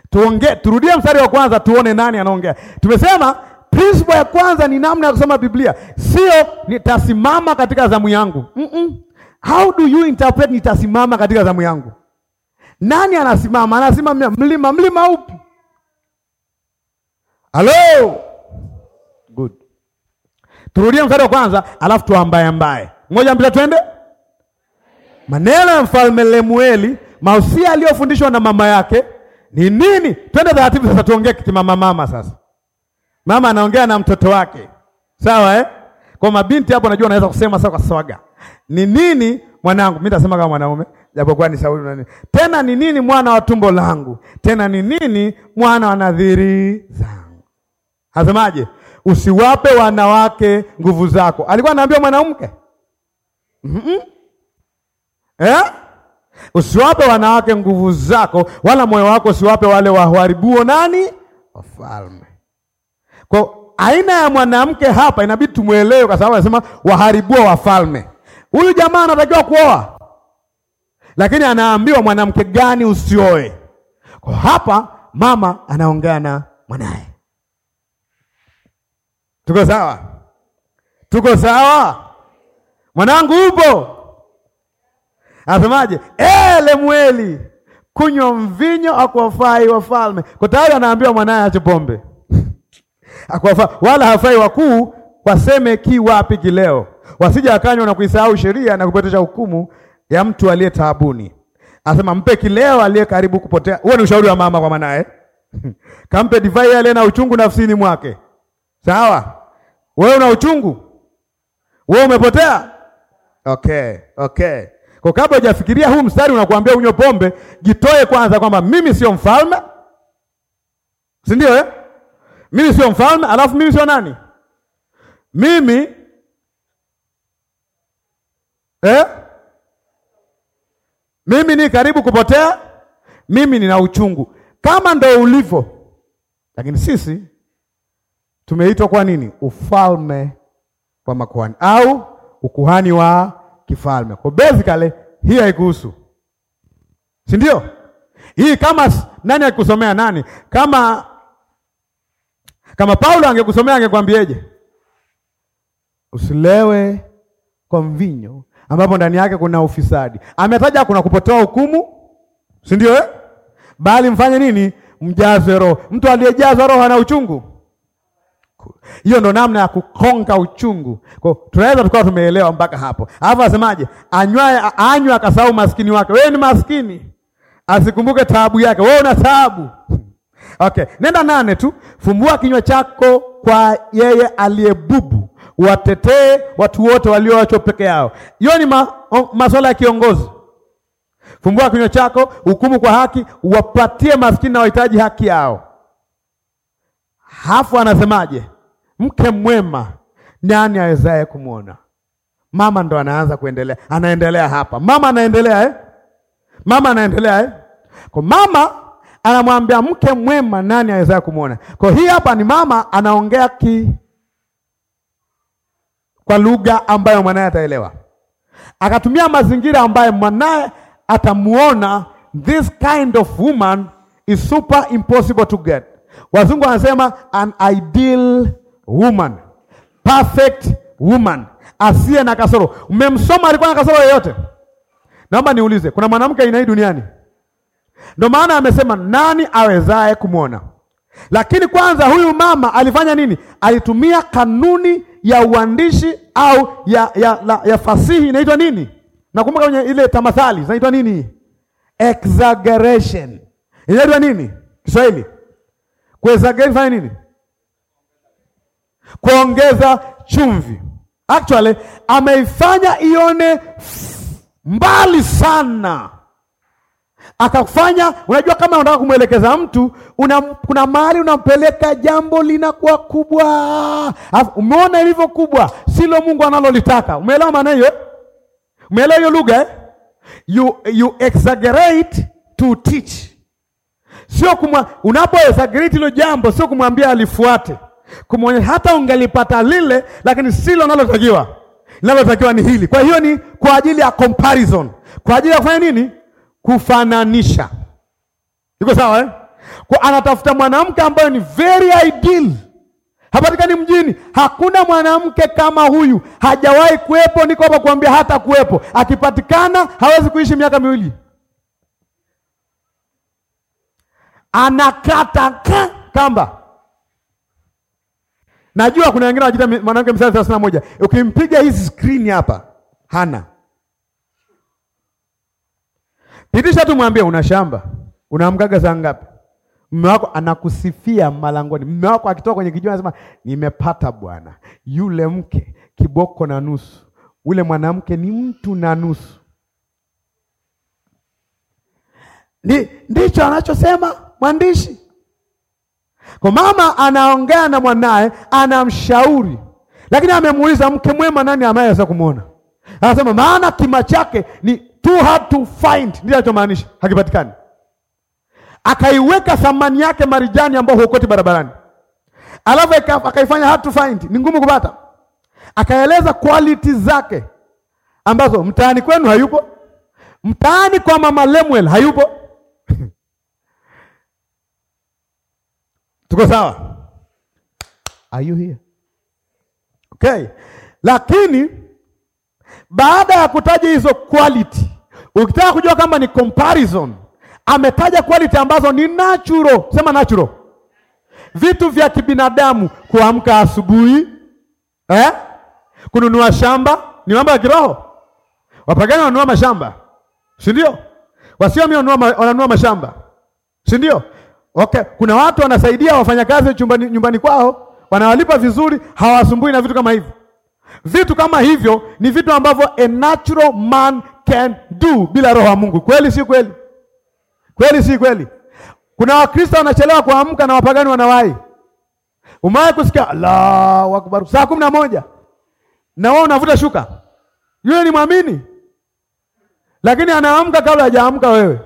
Tuonge, turudie mstari wa kwanza tuone nani anaongea. Tumesema principle ya kwanza ni namna ya kusoma Biblia, sio nitasimama katika zamu yangu. Mm -mm. How do you interpret nitasimama katika zamu yangu? Nani anasimama? Anasimama mlima, mlima upi? Hello. Good. Turudie mstari wa kwanza, alafu tuambaye ambaye moja mpita twende maneno ya mfalme Lemueli, mausia aliyofundishwa na mama yake ni nini? Twende taratibu sasa, tuongee kitimama mama. Sasa mama anaongea na mtoto wake, sawa eh? Kwa mabinti hapo, najua anaweza kusema sasa kwa swaga, ni nini mwanangu? Mimi nitasema kama mwanaume, japokuwa ni sauli nani. Tena ni nini mwana wa tumbo langu? Tena ni nini mwana wa nadhiri zangu? Asemaje? Usiwape wanawake nguvu zako. Alikuwa anaambia mwanamke mm -mm. Eh? Usiwape wanawake nguvu zako, wala moyo wako usiwape wale waharibuo nani wafalme. Kwa aina ya mwanamke hapa inabidi tumwelewe, kwa sababu anasema waharibuo wafalme. Huyu jamaa anatakiwa kuoa, lakini anaambiwa mwanamke gani usioe. Kwa hapa mama anaongea na mwanaye. Tuko sawa? Tuko sawa? mwanangu upo, anasemaje? Lemueli, kunywa mvinyo akuwafai wafalme. Kwa tayari anaambiwa mwanaye aache pombe akuwafai, wala hafai wakuu waseme ki wapi kileo, wasije akanywa na kuisahau sheria na kupotesha hukumu ya mtu aliye taabuni. Anasema mpe kileo aliye karibu kupotea. Huo ni ushauri wa mama kwa mwanae kampe divai yale na uchungu nafsini mwake. Sawa, wewe una uchungu, wewe umepotea Okay, okay. Kwa kabla hujafikiria huu mstari unakuambia unywe pombe, jitoe kwanza kwamba mimi sio mfalme, si ndio eh? Mimi sio mfalme, alafu mimi sio nani? Mimi eh? Mimi ni karibu kupotea, mimi nina uchungu. Kama ndo ulivyo, lakini sisi tumeitwa kwa nini? Ufalme wa makuhani au ukuhani wa kifalme. Kwa basically hii haikuhusu, si ndio? Hii kama nani akikusomea nani, kama kama Paulo angekusomea angekwambieje? Usilewe kwa mvinyo ambapo ndani yake kuna ufisadi. Ametaja kuna kupotoa hukumu, si ndio eh? Bali mfanye nini? Mjazwe Roho. Mtu aliyejazwa Roho ana uchungu hiyo ndo namna ya kukonga uchungu. Kwa tunaweza tukawa tumeelewa mpaka hapo. Alafu asemaje? Anywaye anywa akasahau maskini wake. Wewe ni maskini. Asikumbuke taabu yake. Wewe una taabu. Okay, nenda nane tu. Fumbua kinywa chako kwa yeye aliyebubu, watetee watu wote walioachwa peke yao. Hiyo ni ma, masuala ya kiongozi. Fumbua kinywa chako, hukumu kwa haki, wapatie maskini na wahitaji haki yao. Hafu anasemaje? mke mwema nani awezaye kumwona? Mama ndo anaanza kuendelea, anaendelea hapa, mama anaendelea eh? mama anaendelea eh? Kwa mama anamwambia mke mwema nani awezaye kumwona? Kwa hii hapa ni mama anaongea ki kwa lugha ambayo mwanaye ataelewa, akatumia mazingira ambayo mwanaye atamuona. This kind of woman is super impossible to get. Wazungu wanasema an ideal woman, perfect woman, asiye na kasoro. Mmemsoma alikuwa na kasoro yoyote? Naomba niulize, kuna mwanamke aina hii duniani? Ndio maana amesema nani awezaye kumwona. Lakini kwanza huyu mama alifanya nini? Alitumia kanuni ya uandishi au ya, ya, ya, ya fasihi inaitwa nini? Nakumbuka kwenye ile tamathali zinaitwa nini? Exaggeration. Inaitwa nini Kiswahili? Kuexaggerate fanya nini? kuongeza chumvi. Actually ameifanya ione mbali sana, akafanya. Unajua, kama unataka kumwelekeza mtu una, kuna mahali unampeleka, jambo linakuwa kubwa. Umeona ilivyo kubwa, silo Mungu analolitaka. Umeelewa maana hiyo? Umeelewa hiyo lugha eh? You, you exaggerate to teach, sio kumwa, unapo exaggerate hilo jambo, sio kumwambia alifuate kumwonyesha hata ungelipata lile, lakini silo nalotakiwa Linalotakiwa ni hili. Kwa hiyo ni kwa ajili ya comparison, kwa ajili ya kufanya nini? Kufananisha. Iko sawa eh? Kwa anatafuta mwanamke ambaye ni very ideal. Hapatikani mjini, hakuna mwanamke kama huyu, hajawahi kuwepo. Niko hapa kuambia hata kuwepo, akipatikana hawezi kuishi miaka miwili. Anakata kamba Najua kuna wengine wajita mwanamke mstari thelathini na moja. Ukimpiga hizi skrini hapa hana pitisha tu, mwambie una shamba, unaamkaga saa ngapi? Mume wako anakusifia malangoni. Mume wako akitoka kwenye kijua anasema nimepata bwana, yule mke kiboko na nusu, ule mwanamke ni mtu na nusu. Ndicho anachosema mwandishi kwa mama anaongea na mwanaye, anamshauri, lakini amemuuliza mke mwema nani anayeweza kumwona? Anasema maana kima chake ni too hard to find, ndio anachomaanisha, hakipatikani. Akaiweka thamani yake marijani ambao huokoti barabarani, alafu akaifanya hard to find, ni ngumu kupata. Akaeleza quality zake ambazo mtaani kwenu hayupo, mtaani kwa mama Lemuel hayupo Tuko sawa? Are you here? Okay. Lakini baada ya kutaja hizo quality, ukitaka kujua kama ni comparison, ametaja quality ambazo ni natural. Sema natural, vitu vya kibinadamu, kuamka asubuhi eh? kununua shamba ni mambo ya kiroho. Wapagani wanunua mashamba, si ndio? Wasioamini wanunua mashamba, si ndio? Okay, kuna watu wanasaidia wafanyakazi chumbani, nyumbani kwao wanawalipa vizuri, hawasumbui na vitu kama hivyo. Vitu kama hivyo ni vitu ambavyo a natural man can do bila roho ya Mungu. Kweli si kweli? Kweli si kweli? Kuna Wakristo wanachelewa kuamka na wapagani wanawahi. Umewahi kusikia Allahu Akbar saa kumi na moja na wao unavuta shuka? Yule ni mwamini, lakini anaamka kabla hajaamka wewe.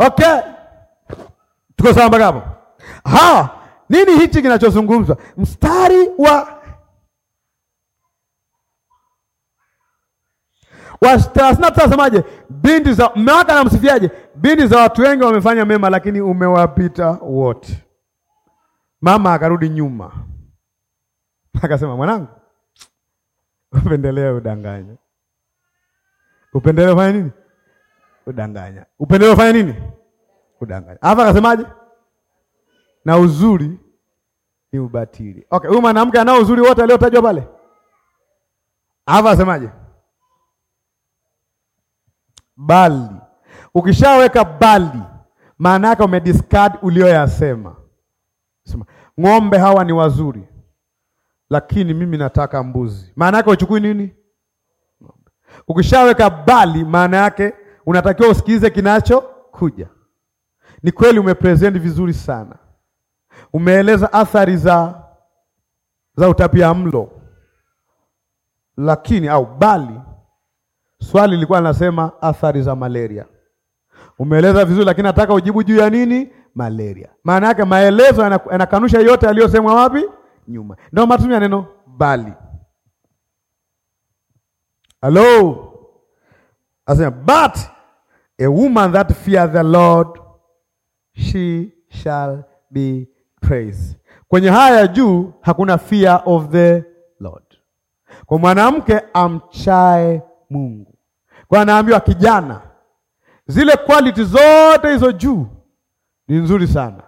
Okay, tuko sawa mpaka hapo? Ha, nini hichi kinachozungumzwa mstari wa wa thelathini na tatu? Asemaje? binti za mmewaka, namsifiaje? Binti za watu wengi wamefanya mema, lakini umewapita wote. Mama akarudi nyuma akasema, mwanangu, upendelee udanganye, upendelee fanya nini? Udanganya. Upendeleo fanya nini? Udanganya. Hapa akasemaje? Na uzuri ni ubatili. Okay, huyu mwanamke anao uzuri wote aliotajwa pale. Hapa akasemaje? Bali ukishaweka bali, maana yake umediscard ulioyasema. Sema ng'ombe hawa ni wazuri, lakini mimi nataka mbuzi. Maana yake uchukui nini? Ukishaweka bali, maana yake unatakiwa usikize kinacho kuja. Ni kweli umepresent vizuri sana, umeeleza athari za za utapia mlo, lakini au bali swali lilikuwa linasema athari za malaria. Umeeleza vizuri, lakini nataka ujibu juu ya nini malaria. Maana yake maelezo yanakanusha yote yaliyosemwa wapi nyuma, ndio matumia neno bali. Halo. Asema, but a woman that fear the Lord she shall be praised. Kwenye haya ya juu hakuna fear of the Lord. Kwa mwanamke amchae Mungu, kwa anaambiwa kijana, zile quality zote hizo juu ni nzuri sana,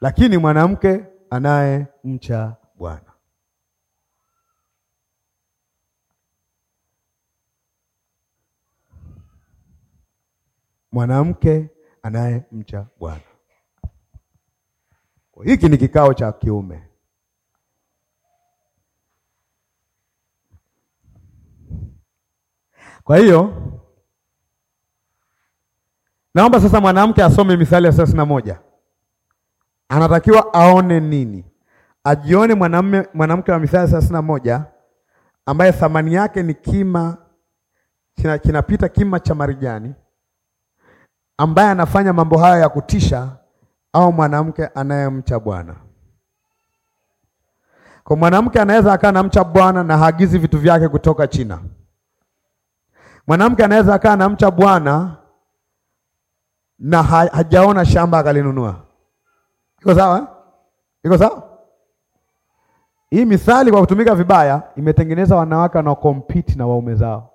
lakini mwanamke anaye mcha Bwana mwanamke anayemcha Bwana. Kwa hiki ni kikao cha kiume. Kwa hiyo naomba sasa mwanamke asome Mithali ya thelathini na moja. Anatakiwa aone nini? Ajione mwanamume, mwanamke wa Mithali ya thelathini na moja ambaye thamani yake ni kima kinapita kina kima cha marijani ambaye anafanya mambo hayo ya kutisha au mwanamke anayemcha Bwana. Kwa mwanamke anaweza akaa anamcha Bwana na haagizi vitu vyake kutoka China. Mwanamke anaweza akaa anamcha Bwana na hajaona shamba akalinunua. Iko sawa? Iko sawa? Hii mithali kwa kutumika vibaya imetengeneza wanawake wanaokompiti na waume zao.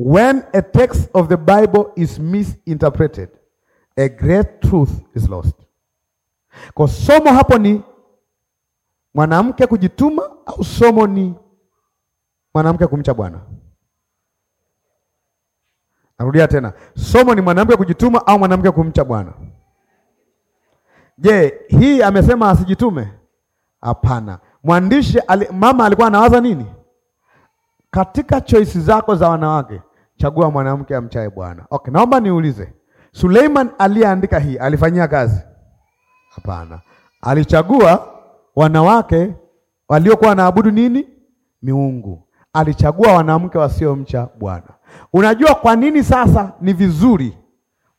When a text of the Bible is misinterpreted, a great truth is lost. Kwa somo hapo ni mwanamke kujituma au somo ni mwanamke kumcha Bwana? Narudia tena, somo ni mwanamke kujituma au mwanamke kumcha Bwana? Je, hii amesema asijitume? Hapana. Mwandishi ali, mama alikuwa anawaza nini katika choisi zako za wanawake? Chagua mwanamke amchaye Bwana. Okay, naomba niulize, Suleiman aliyeandika hii alifanyia kazi? Hapana, alichagua wanawake waliokuwa wanaabudu nini? Miungu. Alichagua wanawake wasiomcha Bwana. Unajua kwa nini sasa ni vizuri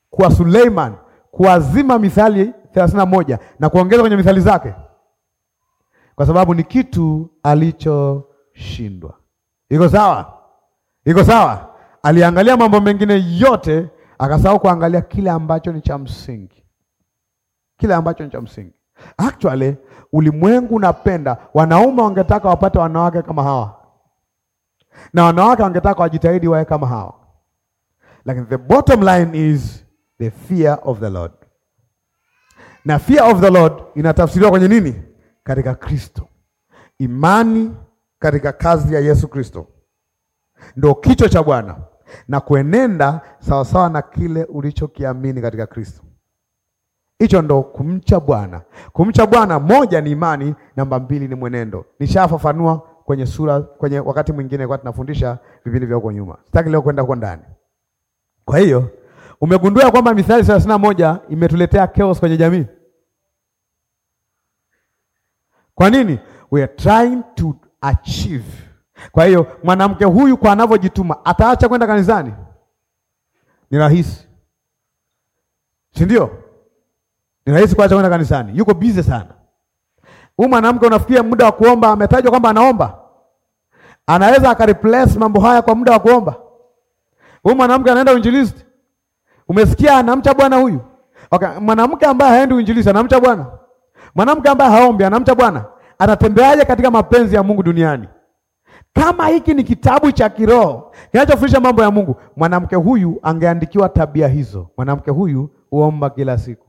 kwa Suleiman kuazima Mithali thelathini na moja na kuongeza kwenye mithali zake? Kwa sababu ni kitu alichoshindwa. Iko sawa? Iko sawa? aliangalia mambo mengine yote akasahau kuangalia kile ambacho ni cha msingi, kile ambacho ni cha msingi. Actually ulimwengu unapenda, wanaume wangetaka wapate wanawake kama hawa na wanawake wangetaka wajitahidi wae kama hawa, lakini the bottom line is the fear of the Lord, na fear of the Lord inatafsiriwa kwenye nini? Katika Kristo, imani katika kazi ya Yesu Kristo ndio kichwa cha Bwana na kuenenda sawasawa na kile ulichokiamini katika Kristo. Hicho ndo kumcha Bwana. Kumcha Bwana, moja ni imani, namba mbili ni mwenendo. Nishafafanua kwenye sura, kwenye wakati mwingine kwa tunafundisha vipindi vya huko nyuma, sitaki leo kwenda huko ndani. Kwa hiyo umegundua kwamba Mithali thelathini na moja imetuletea chaos kwenye jamii. Kwa nini? We are trying to achieve kwa hiyo mwanamke huyu kwa anavyojituma ataacha kwenda kanisani, ni rahisi, si ndio? Ni rahisi kuacha kwenda kanisani, yuko busy sana. Huyu mwanamke unafikia muda wa kuomba, ametajwa kwamba anaomba, anaweza akareplace mambo haya kwa muda wa kuomba. Huyu mwanamke anaenda uinjilisti, umesikia, anamcha Bwana huyu. Okay, mwanamke ambaye haendi uinjilisti anamcha Bwana? Mwanamke ambaye haombi anamcha Bwana? Anatembeaje katika mapenzi ya Mungu duniani? Kama hiki ni kitabu cha kiroho kinachofundisha mambo ya Mungu, mwanamke huyu angeandikiwa tabia hizo. Mwanamke huyu huomba kila siku,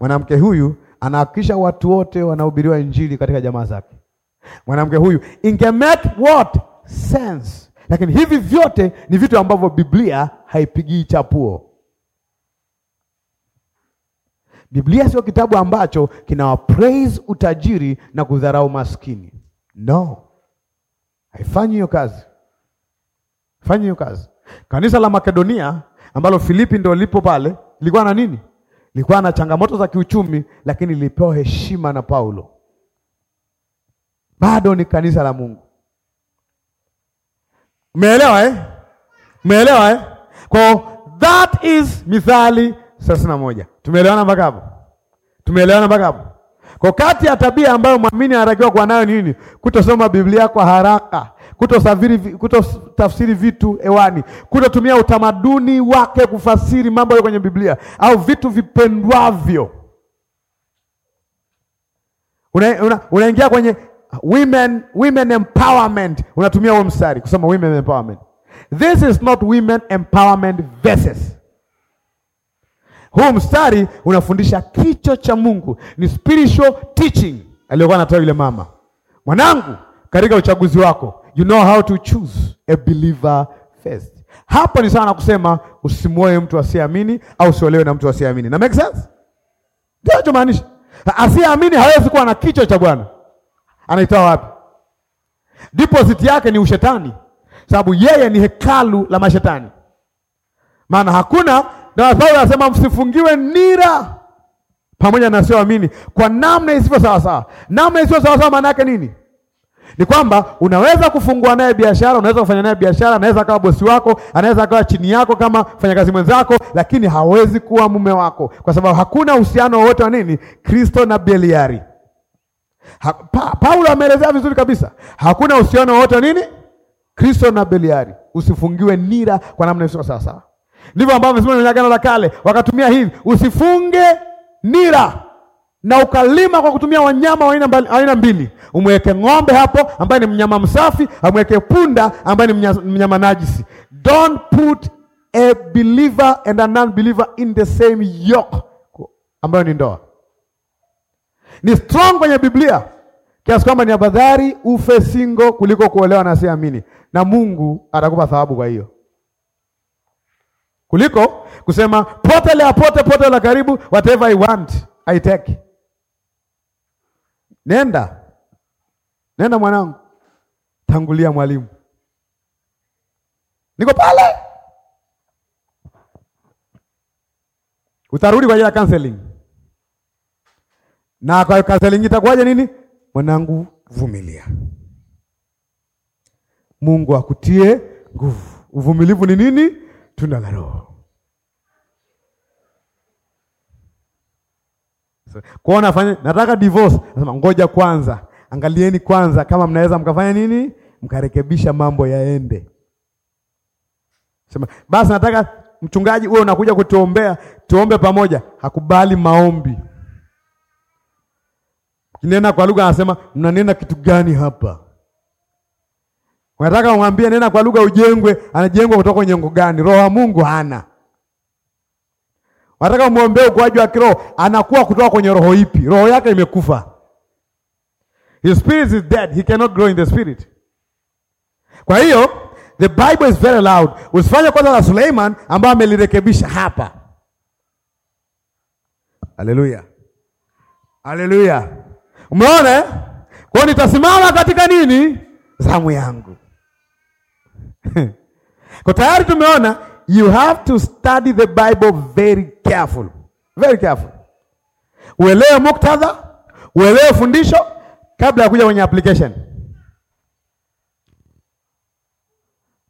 mwanamke huyu anahakikisha watu wote wanahubiriwa injili katika jamaa zake, mwanamke huyu inge make what sense. Lakini hivi vyote ni vitu ambavyo Biblia haipigii chapuo. Biblia sio kitabu ambacho kinawapraise utajiri na kudharau maskini, no haifanyi hiyo kazi, fanyi hiyo kazi. Kanisa la Makedonia ambalo Filipi ndio lipo pale, lilikuwa na nini? Lilikuwa na changamoto za kiuchumi, lakini lilipewa heshima na Paulo. Bado ni kanisa la Mungu. Umeelewa eh? Umeelewa eh? Kwa that is Mithali 31. moja. Tumeelewana mpaka hapo? Tumeelewana mpaka hapo? Kwa kati ya tabia ambayo mwamini anatakiwa kuwa nayo nini? Kutosoma Biblia kwa haraka, kutosafiri, kutotafsiri vitu hewani, kutotumia utamaduni wake kufasiri mambo yale kwenye Biblia au vitu vipendwavyo. Unaingia una, una kwenye women, women empowerment, unatumia huo mstari kusema women empowerment. This is not women empowerment verses huu mstari unafundisha kicho cha Mungu, ni spiritual teaching aliyokuwa anatoa yule mama. Mwanangu, katika uchaguzi wako, you know how to choose a believer first. Hapo ni sana kusema usimwoe mtu asiyeamini au usiolewe na mtu asiyeamini. Na make sense? Ndio inamaanisha. Asiyeamini hawezi kuwa na kicho cha Bwana. Anaitoa wapi? Deposit yake ni ushetani, sababu yeye ni hekalu la mashetani, maana hakuna na Paulo anasema msifungiwe nira pamoja na sioamini kwa namna isivyo sawasawa. Namna isivyo sawasawa maana yake nini? Ni kwamba unaweza kufungua naye biashara, unaweza kufanya naye biashara, anaweza akawa bosi wako, anaweza akawa chini yako kama mfanyakazi mwenzako, lakini hawezi kuwa mume wako, kwa sababu hakuna uhusiano wowote wa nini, Kristo na Beliari. Ha, pa, Paulo ameelezea vizuri kabisa, hakuna uhusiano wowote wa nini, Kristo na Beliari. Usifungiwe nira kwa namna isivyo sawasawa. Ndivyo ambavyo sema kwenye Agano la Kale wakatumia hivi, usifunge nira na ukalima kwa kutumia wanyama wa aina mbili, umweke ng'ombe hapo ambaye ni mnyama msafi, amweke punda ambaye ni mnyama najisi. Don't put a believer and a non-believer in the same yoke, ambayo ni ndoa. Ni strong kwenye Biblia kiasi kwamba ni afadhali ufe single kuliko kuolewa na asiamini, na Mungu atakupa thawabu kwa hiyo kuliko kusema pote la pote pote la karibu, whatever I want I take. Nenda nenda, mwanangu, tangulia mwalimu, niko pale. Utarudi kwa ajili ya counseling na kwa counseling itakuwaje? Nini mwanangu, vumilia, Mungu akutie nguvu. Uvumilivu ni nini? tunda la Roho. Kwa nafanya nataka divorce, nasema ngoja kwanza, angalieni kwanza kama mnaweza mkafanya nini, mkarekebisha mambo yaende. Sema basi, nataka mchungaji, wewe unakuja kutuombea, tuombe pamoja. Hakubali maombi. Kinena kwa lugha anasema mnanena kitu gani hapa? Unataka umwambie nena kwa lugha ujengwe, anajengwa kutoka kwenye nguvu gani? Roho wa Mungu hana. Unataka umwombee ukuaji wa kiroho, anakuwa kutoka kwenye roho ipi? Roho yake imekufa. His spirit is dead, he cannot grow in the spirit. Kwa hiyo the Bible is very loud. Usifanye kosa la Suleiman ambaye amelirekebisha hapa. Haleluya. Haleluya. Umeona? Eh? Kwa nitasimama katika nini? Zamu yangu. Kwa tayari tumeona you have to study the Bible very careful. Very careful. Uelewe muktadha, uelewe fundisho kabla ya kuja kwenye application.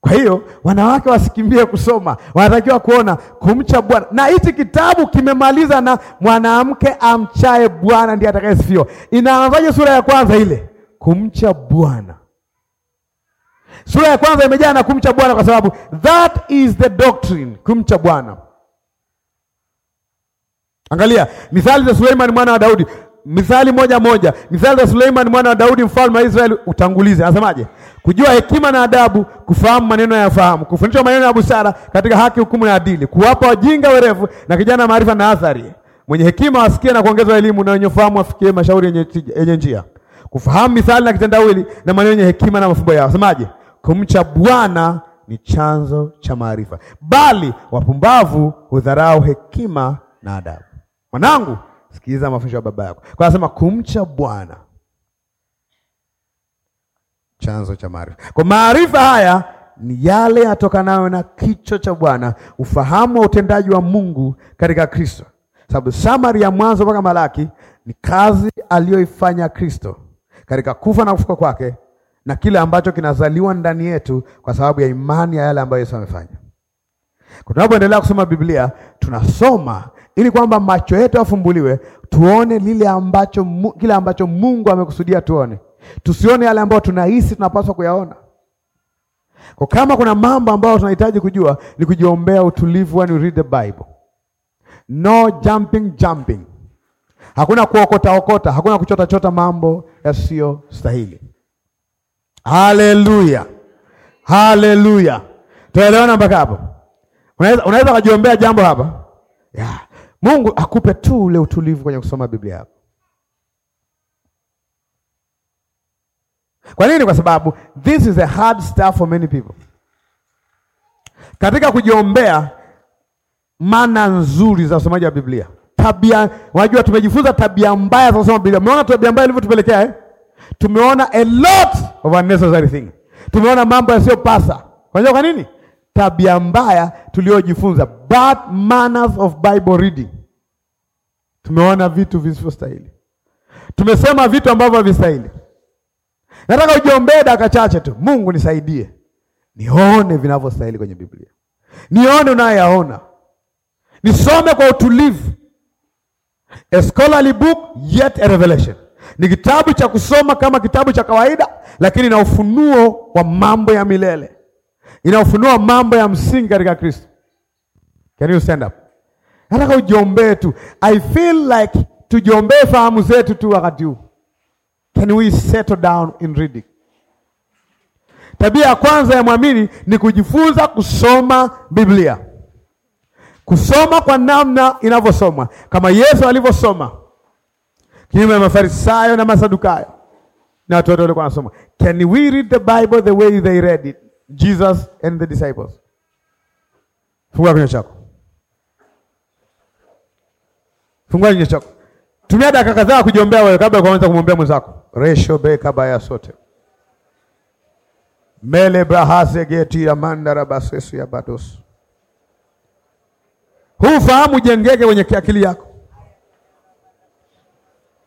Kwa hiyo wanawake wasikimbie kusoma, wanatakiwa kuona kumcha Bwana, na hichi kitabu kimemaliza na mwanamke amchae Bwana ndiye atakayesifiwa. Inaanzaje sura ya kwanza ile? Kumcha Bwana. Sura ya kwanza imejaa na kumcha Bwana kwa sababu that is the doctrine, kumcha Bwana. Angalia mithali za Suleiman mwana wa Daudi, Mithali moja moja, mithali za Suleiman mwana wa Daudi mfalme wa Israeli. Utangulizi anasemaje? Kujua hekima na adabu, kufahamu maneno ya fahamu, kufundishwa maneno ya busara katika haki, hukumu na adili, kuwapa wajinga werevu na kijana maarifa na athari. Mwenye hekima asikie na kuongezwa elimu, na wenye fahamu afikie mashauri yenye njia, kufahamu mithali na kitendawili na maneno yenye hekima na mafumbo yao. Asemaje? Kumcha Bwana ni chanzo cha maarifa, bali wapumbavu hudharau hekima na adabu. Mwanangu, sikiliza mafunzo ya baba yako. Kwa anasema kumcha Bwana chanzo cha maarifa. Kwa maarifa haya ni yale yatokanayo na kicho cha Bwana, ufahamu wa utendaji wa Mungu katika Kristo. Sababu samari ya Mwanzo mpaka Malaki ni kazi aliyoifanya Kristo katika kufa na kufuka kwake na kile ambacho kinazaliwa ndani yetu kwa sababu ya imani ya yale ambayo Yesu amefanya. Tunapoendelea kusoma Biblia, tunasoma ili kwamba macho yetu afumbuliwe, tuone lile ambacho, kile ambacho Mungu amekusudia tuone, tusione yale ambayo tunahisi tunapaswa kuyaona. Kwa kama kuna mambo ambayo tunahitaji kujua ni kujiombea utulivu when you read the Bible. No jumping jumping. Hakuna kuokota okota, hakuna kuchota chota mambo yasiyo stahili. Haleluya, haleluya. Tuelewana mpaka hapo? Unaweza kujiombea jambo hapa yeah. Mungu akupe tu ule utulivu kwenye kusoma Biblia yako. Kwa nini? Kwa sababu this is a hard stuff for many people. Katika kujiombea maana nzuri za usomaji wa Biblia, tabia, unajua tumejifunza tabia mbaya za kusoma Biblia. Umeona tabia mbaya ilivyotupelekea eh? Tumeona a lot of unnecessary things. Tumeona mambo yasiyopasa. Unajua kwa nini? Tabia mbaya tuliyojifunza, bad manners of Bible reading. Tumeona vitu visivyostahili, tumesema vitu ambavyo havistahili. Nataka ujiombee dakika chache tu. Mungu nisaidie nione vinavyostahili kwenye Biblia, nione unayoyaona, nisome kwa utulivu. A scholarly book yet a revelation. Ni kitabu cha kusoma kama kitabu cha kawaida, lakini ina ufunuo wa mambo ya milele, ina ufunuo wa mambo ya msingi katika Kristo. Can you stand up? Nataka ujiombee tu. I feel like tujiombee fahamu zetu tu wakati huu. Can we settle down in reading? Tabia ya kwanza ya mwamini ni kujifunza kusoma Biblia, kusoma kwa namna inavyosomwa kama Yesu alivyosoma kinyume na Mafarisayo na Masadukayo na watu wote walikuwa wanasoma. Can we read the Bible the way they read it, Jesus and the disciples? Fungua kinywa chako, fungua kinywa chako, tumia dakika kadhaa kujiombea wewe kabla ya kuanza kumwombea mwenzako. resho beka baya sote mele brahase geti ya mandara basesu ya badosu. Huu fahamu jengeke kwenye akili yako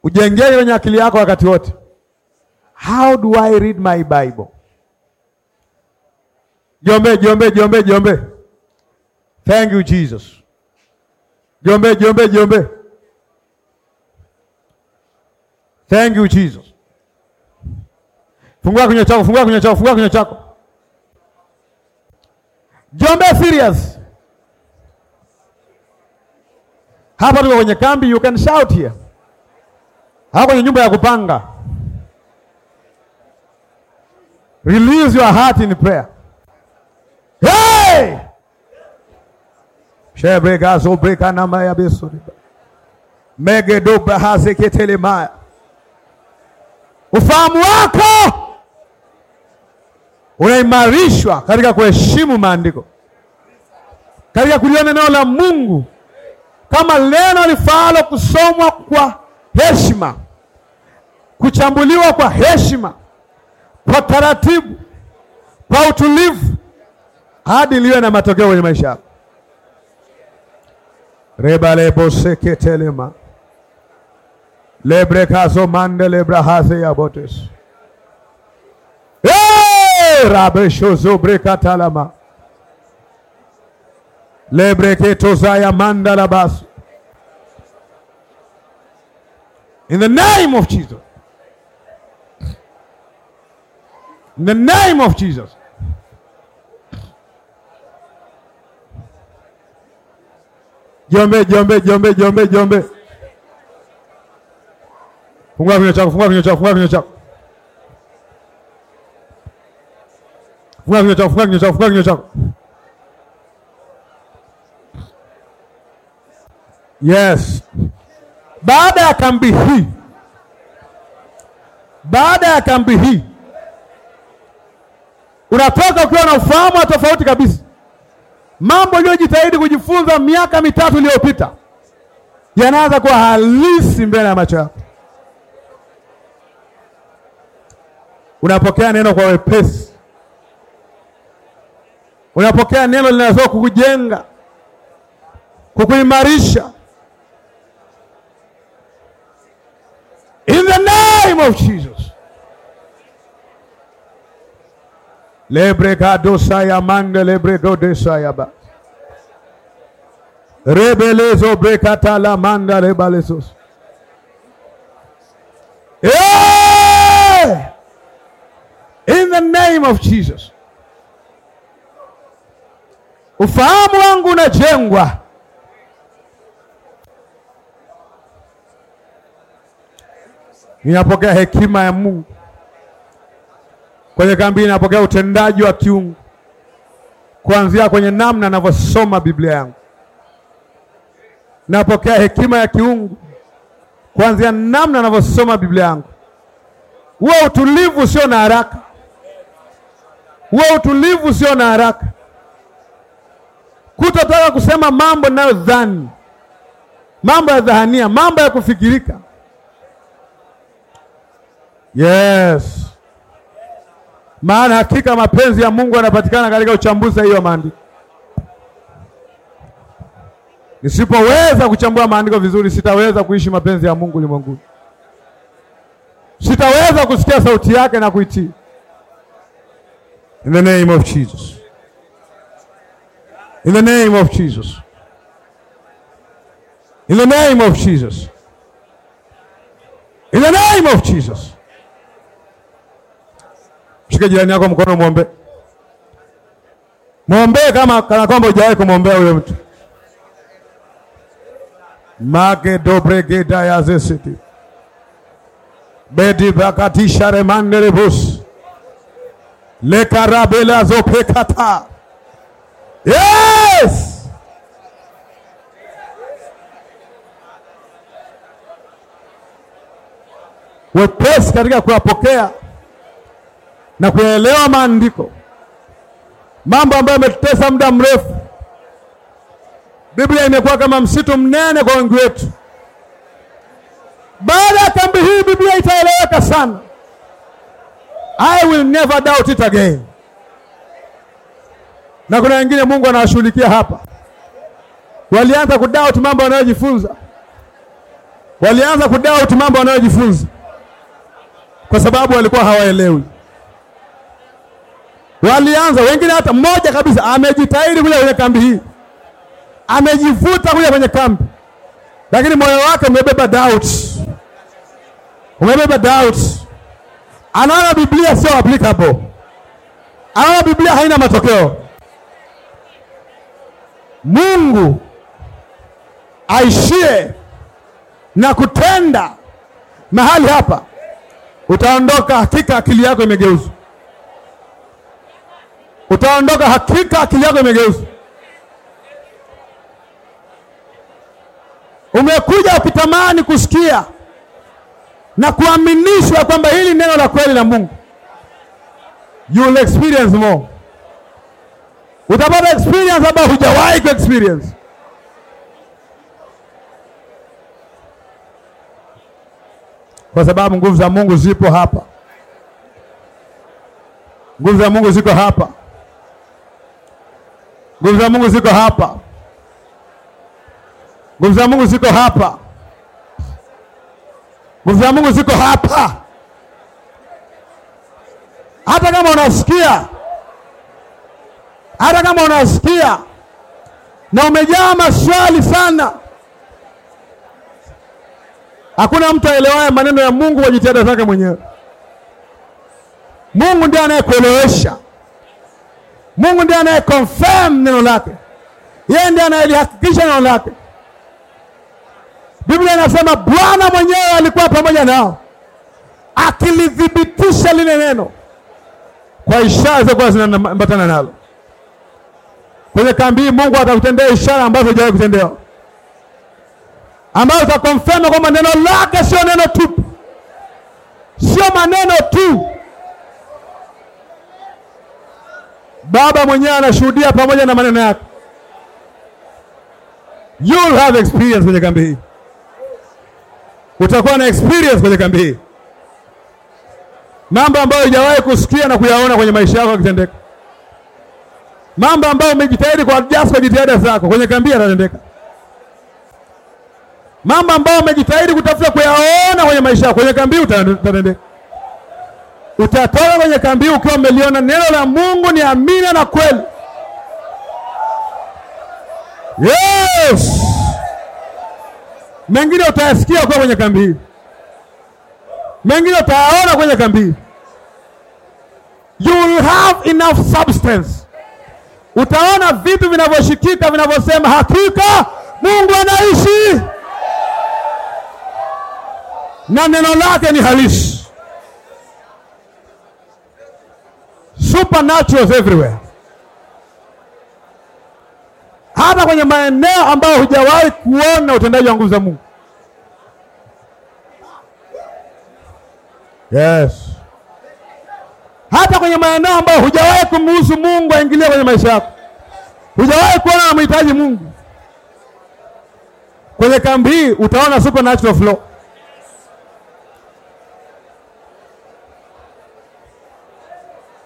Ujengeni kwenye akili yako wakati wote. How do I read my Bible? Jombe, jombe, jombe, jombe. Thank you Jesus. Jombe, jombe, jombe. Thank you Jesus. Fungua kinywa chako, fungua kinywa chako, fungua kinywa chako. Jombe serious. Hapa tuko kwenye kambi, you can shout here hao kwenye nyumba ya kupanga. Release your heart in prayer. Hey! beso. Mege ketele maya. ufahamu wako unaimarishwa katika kuheshimu maandiko, katika kuliona neno la Mungu kama leno lifaalo kusomwa kwa heshima, kuchambuliwa kwa heshima, kwa taratibu, kwa utulivu, hadi liwe na matokeo kwenye maisha yako. rebaleboseketelema lebrekazo mande lebrahaze yabotes rabeshozobrekatalamaa lebreketozaya mandalabaso In the name of Jesus. In the name of Jesus. Jombe, jombe, jombe, jombe, jombe. Fungua vinywa chako, fungua vinywa chako, fungua vinywa chako. Fungua kinywa chako, fungua kinywa chako, fungua kinywa chako. Yes. Baada ya kambi hii, baada ya kambi hii unatoka ukiwa na ufahamu wa tofauti kabisa. Mambo uliyojitahidi kujifunza miaka mitatu iliyopita yanaanza kuwa halisi mbele ya macho yako. Unapokea neno kwa wepesi, unapokea neno linaweza kukujenga, kukuimarisha of Jesus. lebregadosaya mande lebregodesayaba rebelezo brekatala manda rebalesos in the name of Jesus, ufahamu wangu unajengwa ninapokea hekima ya Mungu kwenye kambi, ninapokea utendaji wa kiungu kuanzia kwenye namna ninavyosoma Biblia yangu, napokea hekima ya kiungu kuanzia namna ninavyosoma Biblia yangu. Huo utulivu usio na haraka, huo utulivu usio na haraka, kutotaka kusema mambo ninayodhani, mambo ya dhahania, mambo ya kufikirika Yes, maana hakika mapenzi ya Mungu yanapatikana katika uchambuzi hiyo maandiko. Nisipoweza kuchambua maandiko vizuri, sitaweza kuishi mapenzi ya Mungu ulimwenguni, sitaweza kusikia sauti yake na kuitii. In the name of Jesus. In the name of Jesus. In the name of Jesus. In the name of Jesus shike jirani yako mkono, muombe, muombe kama kana kwamba hujawahi kumwombea huyo mtu. mage ya zesiti bedi bakatisha remanderebus lekarabela yes wepesi katika kuyapokea na kuyaelewa maandiko, mambo ambayo yametutesa muda mrefu. Biblia imekuwa kama msitu mnene kwa wengi wetu. Baada ya kambi hii, Biblia itaeleweka sana. I will never doubt it again. Na kuna wengine Mungu anawashughulikia hapa, walianza kudoubt mambo wanayojifunza, walianza kudoubt mambo wanayojifunza kwa sababu walikuwa hawaelewi. Walianza wengine, hata mmoja kabisa amejitahidi kule kwenye kambi hii, amejivuta kuja kwenye kambi, lakini moyo wake umebeba doubt, umebeba doubt. Anaona Biblia sio applicable, anaona Biblia haina matokeo. Mungu aishie na kutenda mahali hapa, utaondoka hakika, akili yako imegeuzwa utaondoka hakika, akili yako imegeuzwa. Umekuja ukitamani kusikia na kuaminishwa kwamba hili neno la kweli la Mungu, you will experience more. Utapata experience ambayo hujawahi ku experience. Kwa sababu nguvu za Mungu zipo hapa, nguvu za Mungu ziko hapa. Nguvu za Mungu ziko hapa. Nguvu za Mungu ziko hapa. Nguvu za Mungu ziko hapa. Hata kama unasikia, hata kama unasikia na umejaa maswali sana, hakuna mtu aelewaye maneno ya Mungu kwa jitihada zake mwenyewe. Mungu ndiye anayekuelewesha. Mungu ndiye anaye confirm neno lake, yeye ndiye anayelihakikisha neno lake. Biblia inasema Bwana mwenyewe alikuwa pamoja nao akilithibitisha lile neno kwa ishara zilizokuwa zinaambatana nalo. Kwenye kambi hii Mungu atakutendea ishara ambazo hujawahi kutendewa, ambazo confirm kwamba neno lake sio neno tu, sio maneno tu Baba mwenyewe anashuhudia pamoja na maneno yako. You'll have experience kwenye kambi hii, utakuwa na experience kwenye kambi hii, mambo ambayo hujawahi kusikia na kuyaona kwenye maisha yako yakitendeka, mambo ambayo umejitahidi kwa just kwa jitihada zako kwenye kambi yatatendeka, mambo ambayo umejitahidi kutafuta kuyaona kwenye maisha yako kwenye kambi utatendeka. Utatoka kwenye kambi ukiwa umeliona neno la Mungu ni amina na kweli. Yes, mengine utayasikia ukiwa kwenye kambi hii, mengine utayaona kwenye kambi hii. You will have enough substance. Utaona vitu vinavyoshikika vinavyosema hakika Mungu anaishi na neno lake ni halisi. supernaturals everywhere, hata kwenye maeneo ambayo hujawahi kuona utendaji wa nguvu za Mungu. Yes, hata kwenye maeneo ambayo hujawahi kumruhusu Mungu aingilie kwenye maisha yako, hujawahi kuona na mhitaji Mungu, kwenye kambi hii utaona supernatural flow.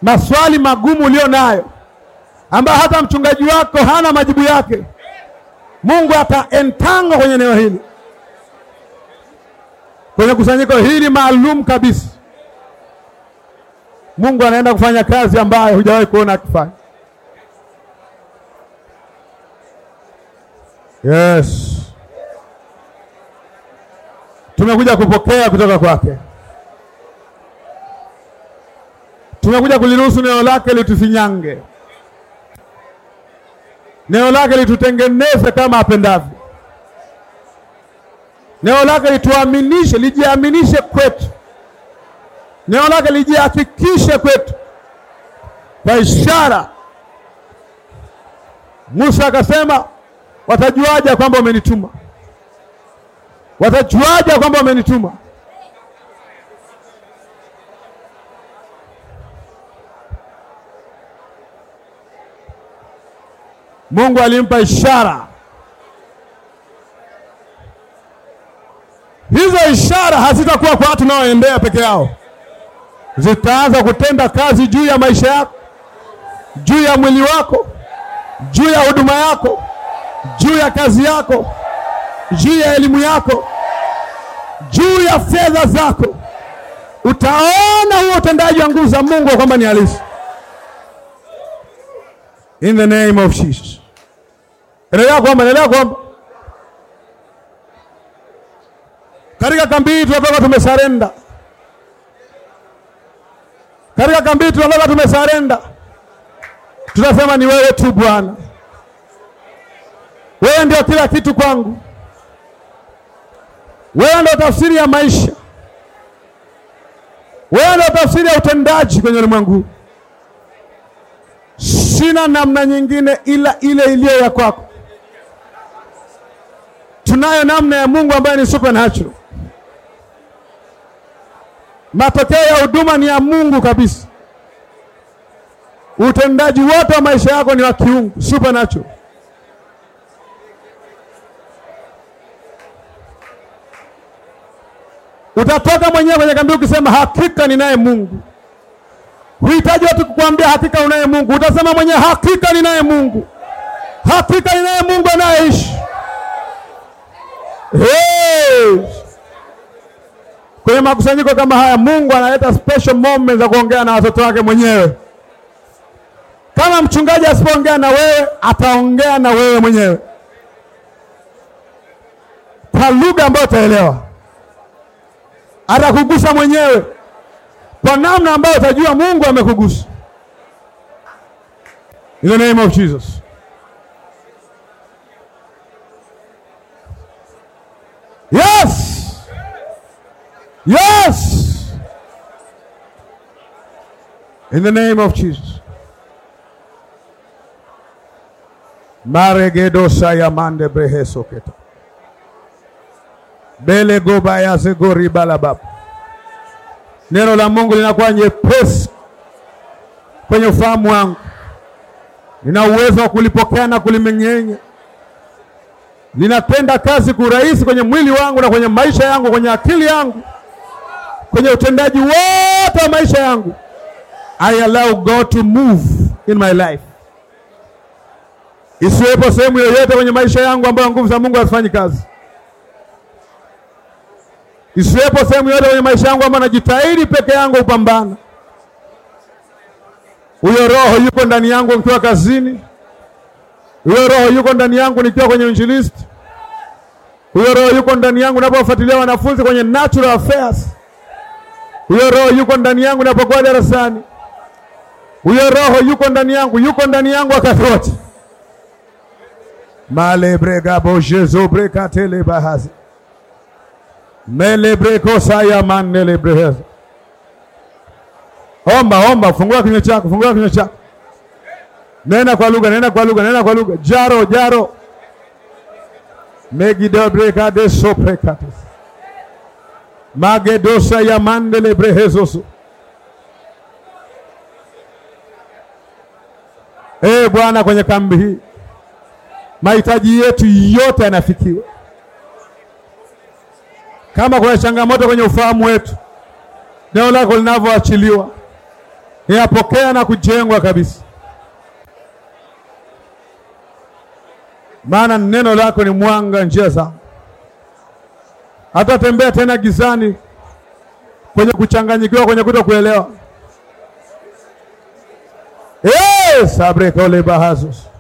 maswali magumu ulio nayo ambayo hata mchungaji wako hana majibu yake, Mungu entango kwenye eneo hili, kwenye kusanyiko hili maalum kabisa. Mungu anaenda kufanya kazi ambayo hujawahi kuona akifanya. Yes, tumekuja kupokea kutoka kwake. Tumekuja kuliruhusu neno lake litusinyange, neno lake litutengeneze kama apendavyo, neno lake lituaminishe, lijiaminishe kwetu, neno lake lijihakikishe kwetu kwa ishara. Musa akasema, watajuaje kwamba umenituma? Watajuaje kwamba umenituma? Mungu alimpa ishara. Hizo ishara hazitakuwa kwa watu naoendea peke yao, zitaanza kutenda kazi juu ya maisha yako, juu ya mwili wako, juu ya huduma yako, juu ya kazi yako, juu ya elimu yako, juu ya fedha zako. Utaona huo utendaji wa nguvu za Mungu kwamba ni halisi. In the name of Jesus. Endelea kwamba, endelea kwamba. Katika kambi hii tunatoka tumesarenda. Katika kambi hii tunatoka tumesarenda. Tunasema ni wewe tu Bwana. Wewe ndio kila kitu kwangu. Wewe ndio tafsiri ya maisha. Wewe ndio tafsiri ya utendaji kwenye ulimwengu. Sina namna nyingine ila ile iliyo ya kwako tunayo namna ya Mungu ambayo ni supernatural. Matokeo ya huduma ni ya Mungu kabisa. Utendaji wote wa maisha yako ni wa kiungu, supernatural. Utatoka mwenyewe kwenye kambi ukisema hakika ninaye Mungu. Huhitaji watu kukuambia hakika unaye Mungu, utasema mwenyewe hakika ninaye Mungu, hakika ninaye Mungu anayeishi Hey! Kwenye makusanyiko kama haya Mungu analeta special moments za kuongea na watoto wake mwenyewe. Kama mchungaji asipoongea na wewe, ataongea na wewe mwenyewe kwa lugha ambayo utaelewa, atakugusa mwenyewe kwa namna ambayo utajua Mungu amekugusa. In the name of Jesus. In the name of Jesus. maregedosayamande brehesoketa belegobaya Neno la Mungu linakuwa nyepesi kwenye ufahamu wangu, nina uwezo wa kulipokea na kulimeng'enya. Linatenda kazi kurahisi kwenye mwili wangu na kwenye maisha yangu, kwenye akili yangu, kwenye utendaji wote wa maisha yangu. I allow God to move in my life. Isiwepo sehemu yoyote kwenye maisha yangu ambayo nguvu za Mungu hazifanyi kazi. Isiwepo sehemu yoyote kwenye maisha yangu ambayo najitahidi peke yangu kupambana. Huyo roho yuko ndani yangu nikiwa kazini. Huyo roho yuko ndani yangu nikiwa kwenye injilisti. Huyo roho yuko ndani yangu napofuatilia wanafunzi kwenye natural affairs. Huyo roho yuko ndani yangu napokuwa darasani. Huyo roho yuko ndani yangu, yuko ndani yangu wakati wote. malebregabozhezobrekatelebahazi melebrekosayamanerebrehez Omba, omba, fungua kinywa chako, fungua kinywa chako, nena kwa lugha, nena kwa lugha, nena kwa lugha, jaro jaro megidobrekadesoprekate magedosa yamandele brehezoso Ee Bwana, kwenye kambi hii mahitaji yetu yote yanafikiwa. Kama kuna changamoto kwenye ufahamu wetu, neno lako linavyoachiliwa yapokea na kujengwa kabisa, maana neno lako ni mwanga njia zangu. Hatatembea tena gizani, kwenye kuchanganyikiwa, kwenye kutokuelewa. E, Abre cole barrazos.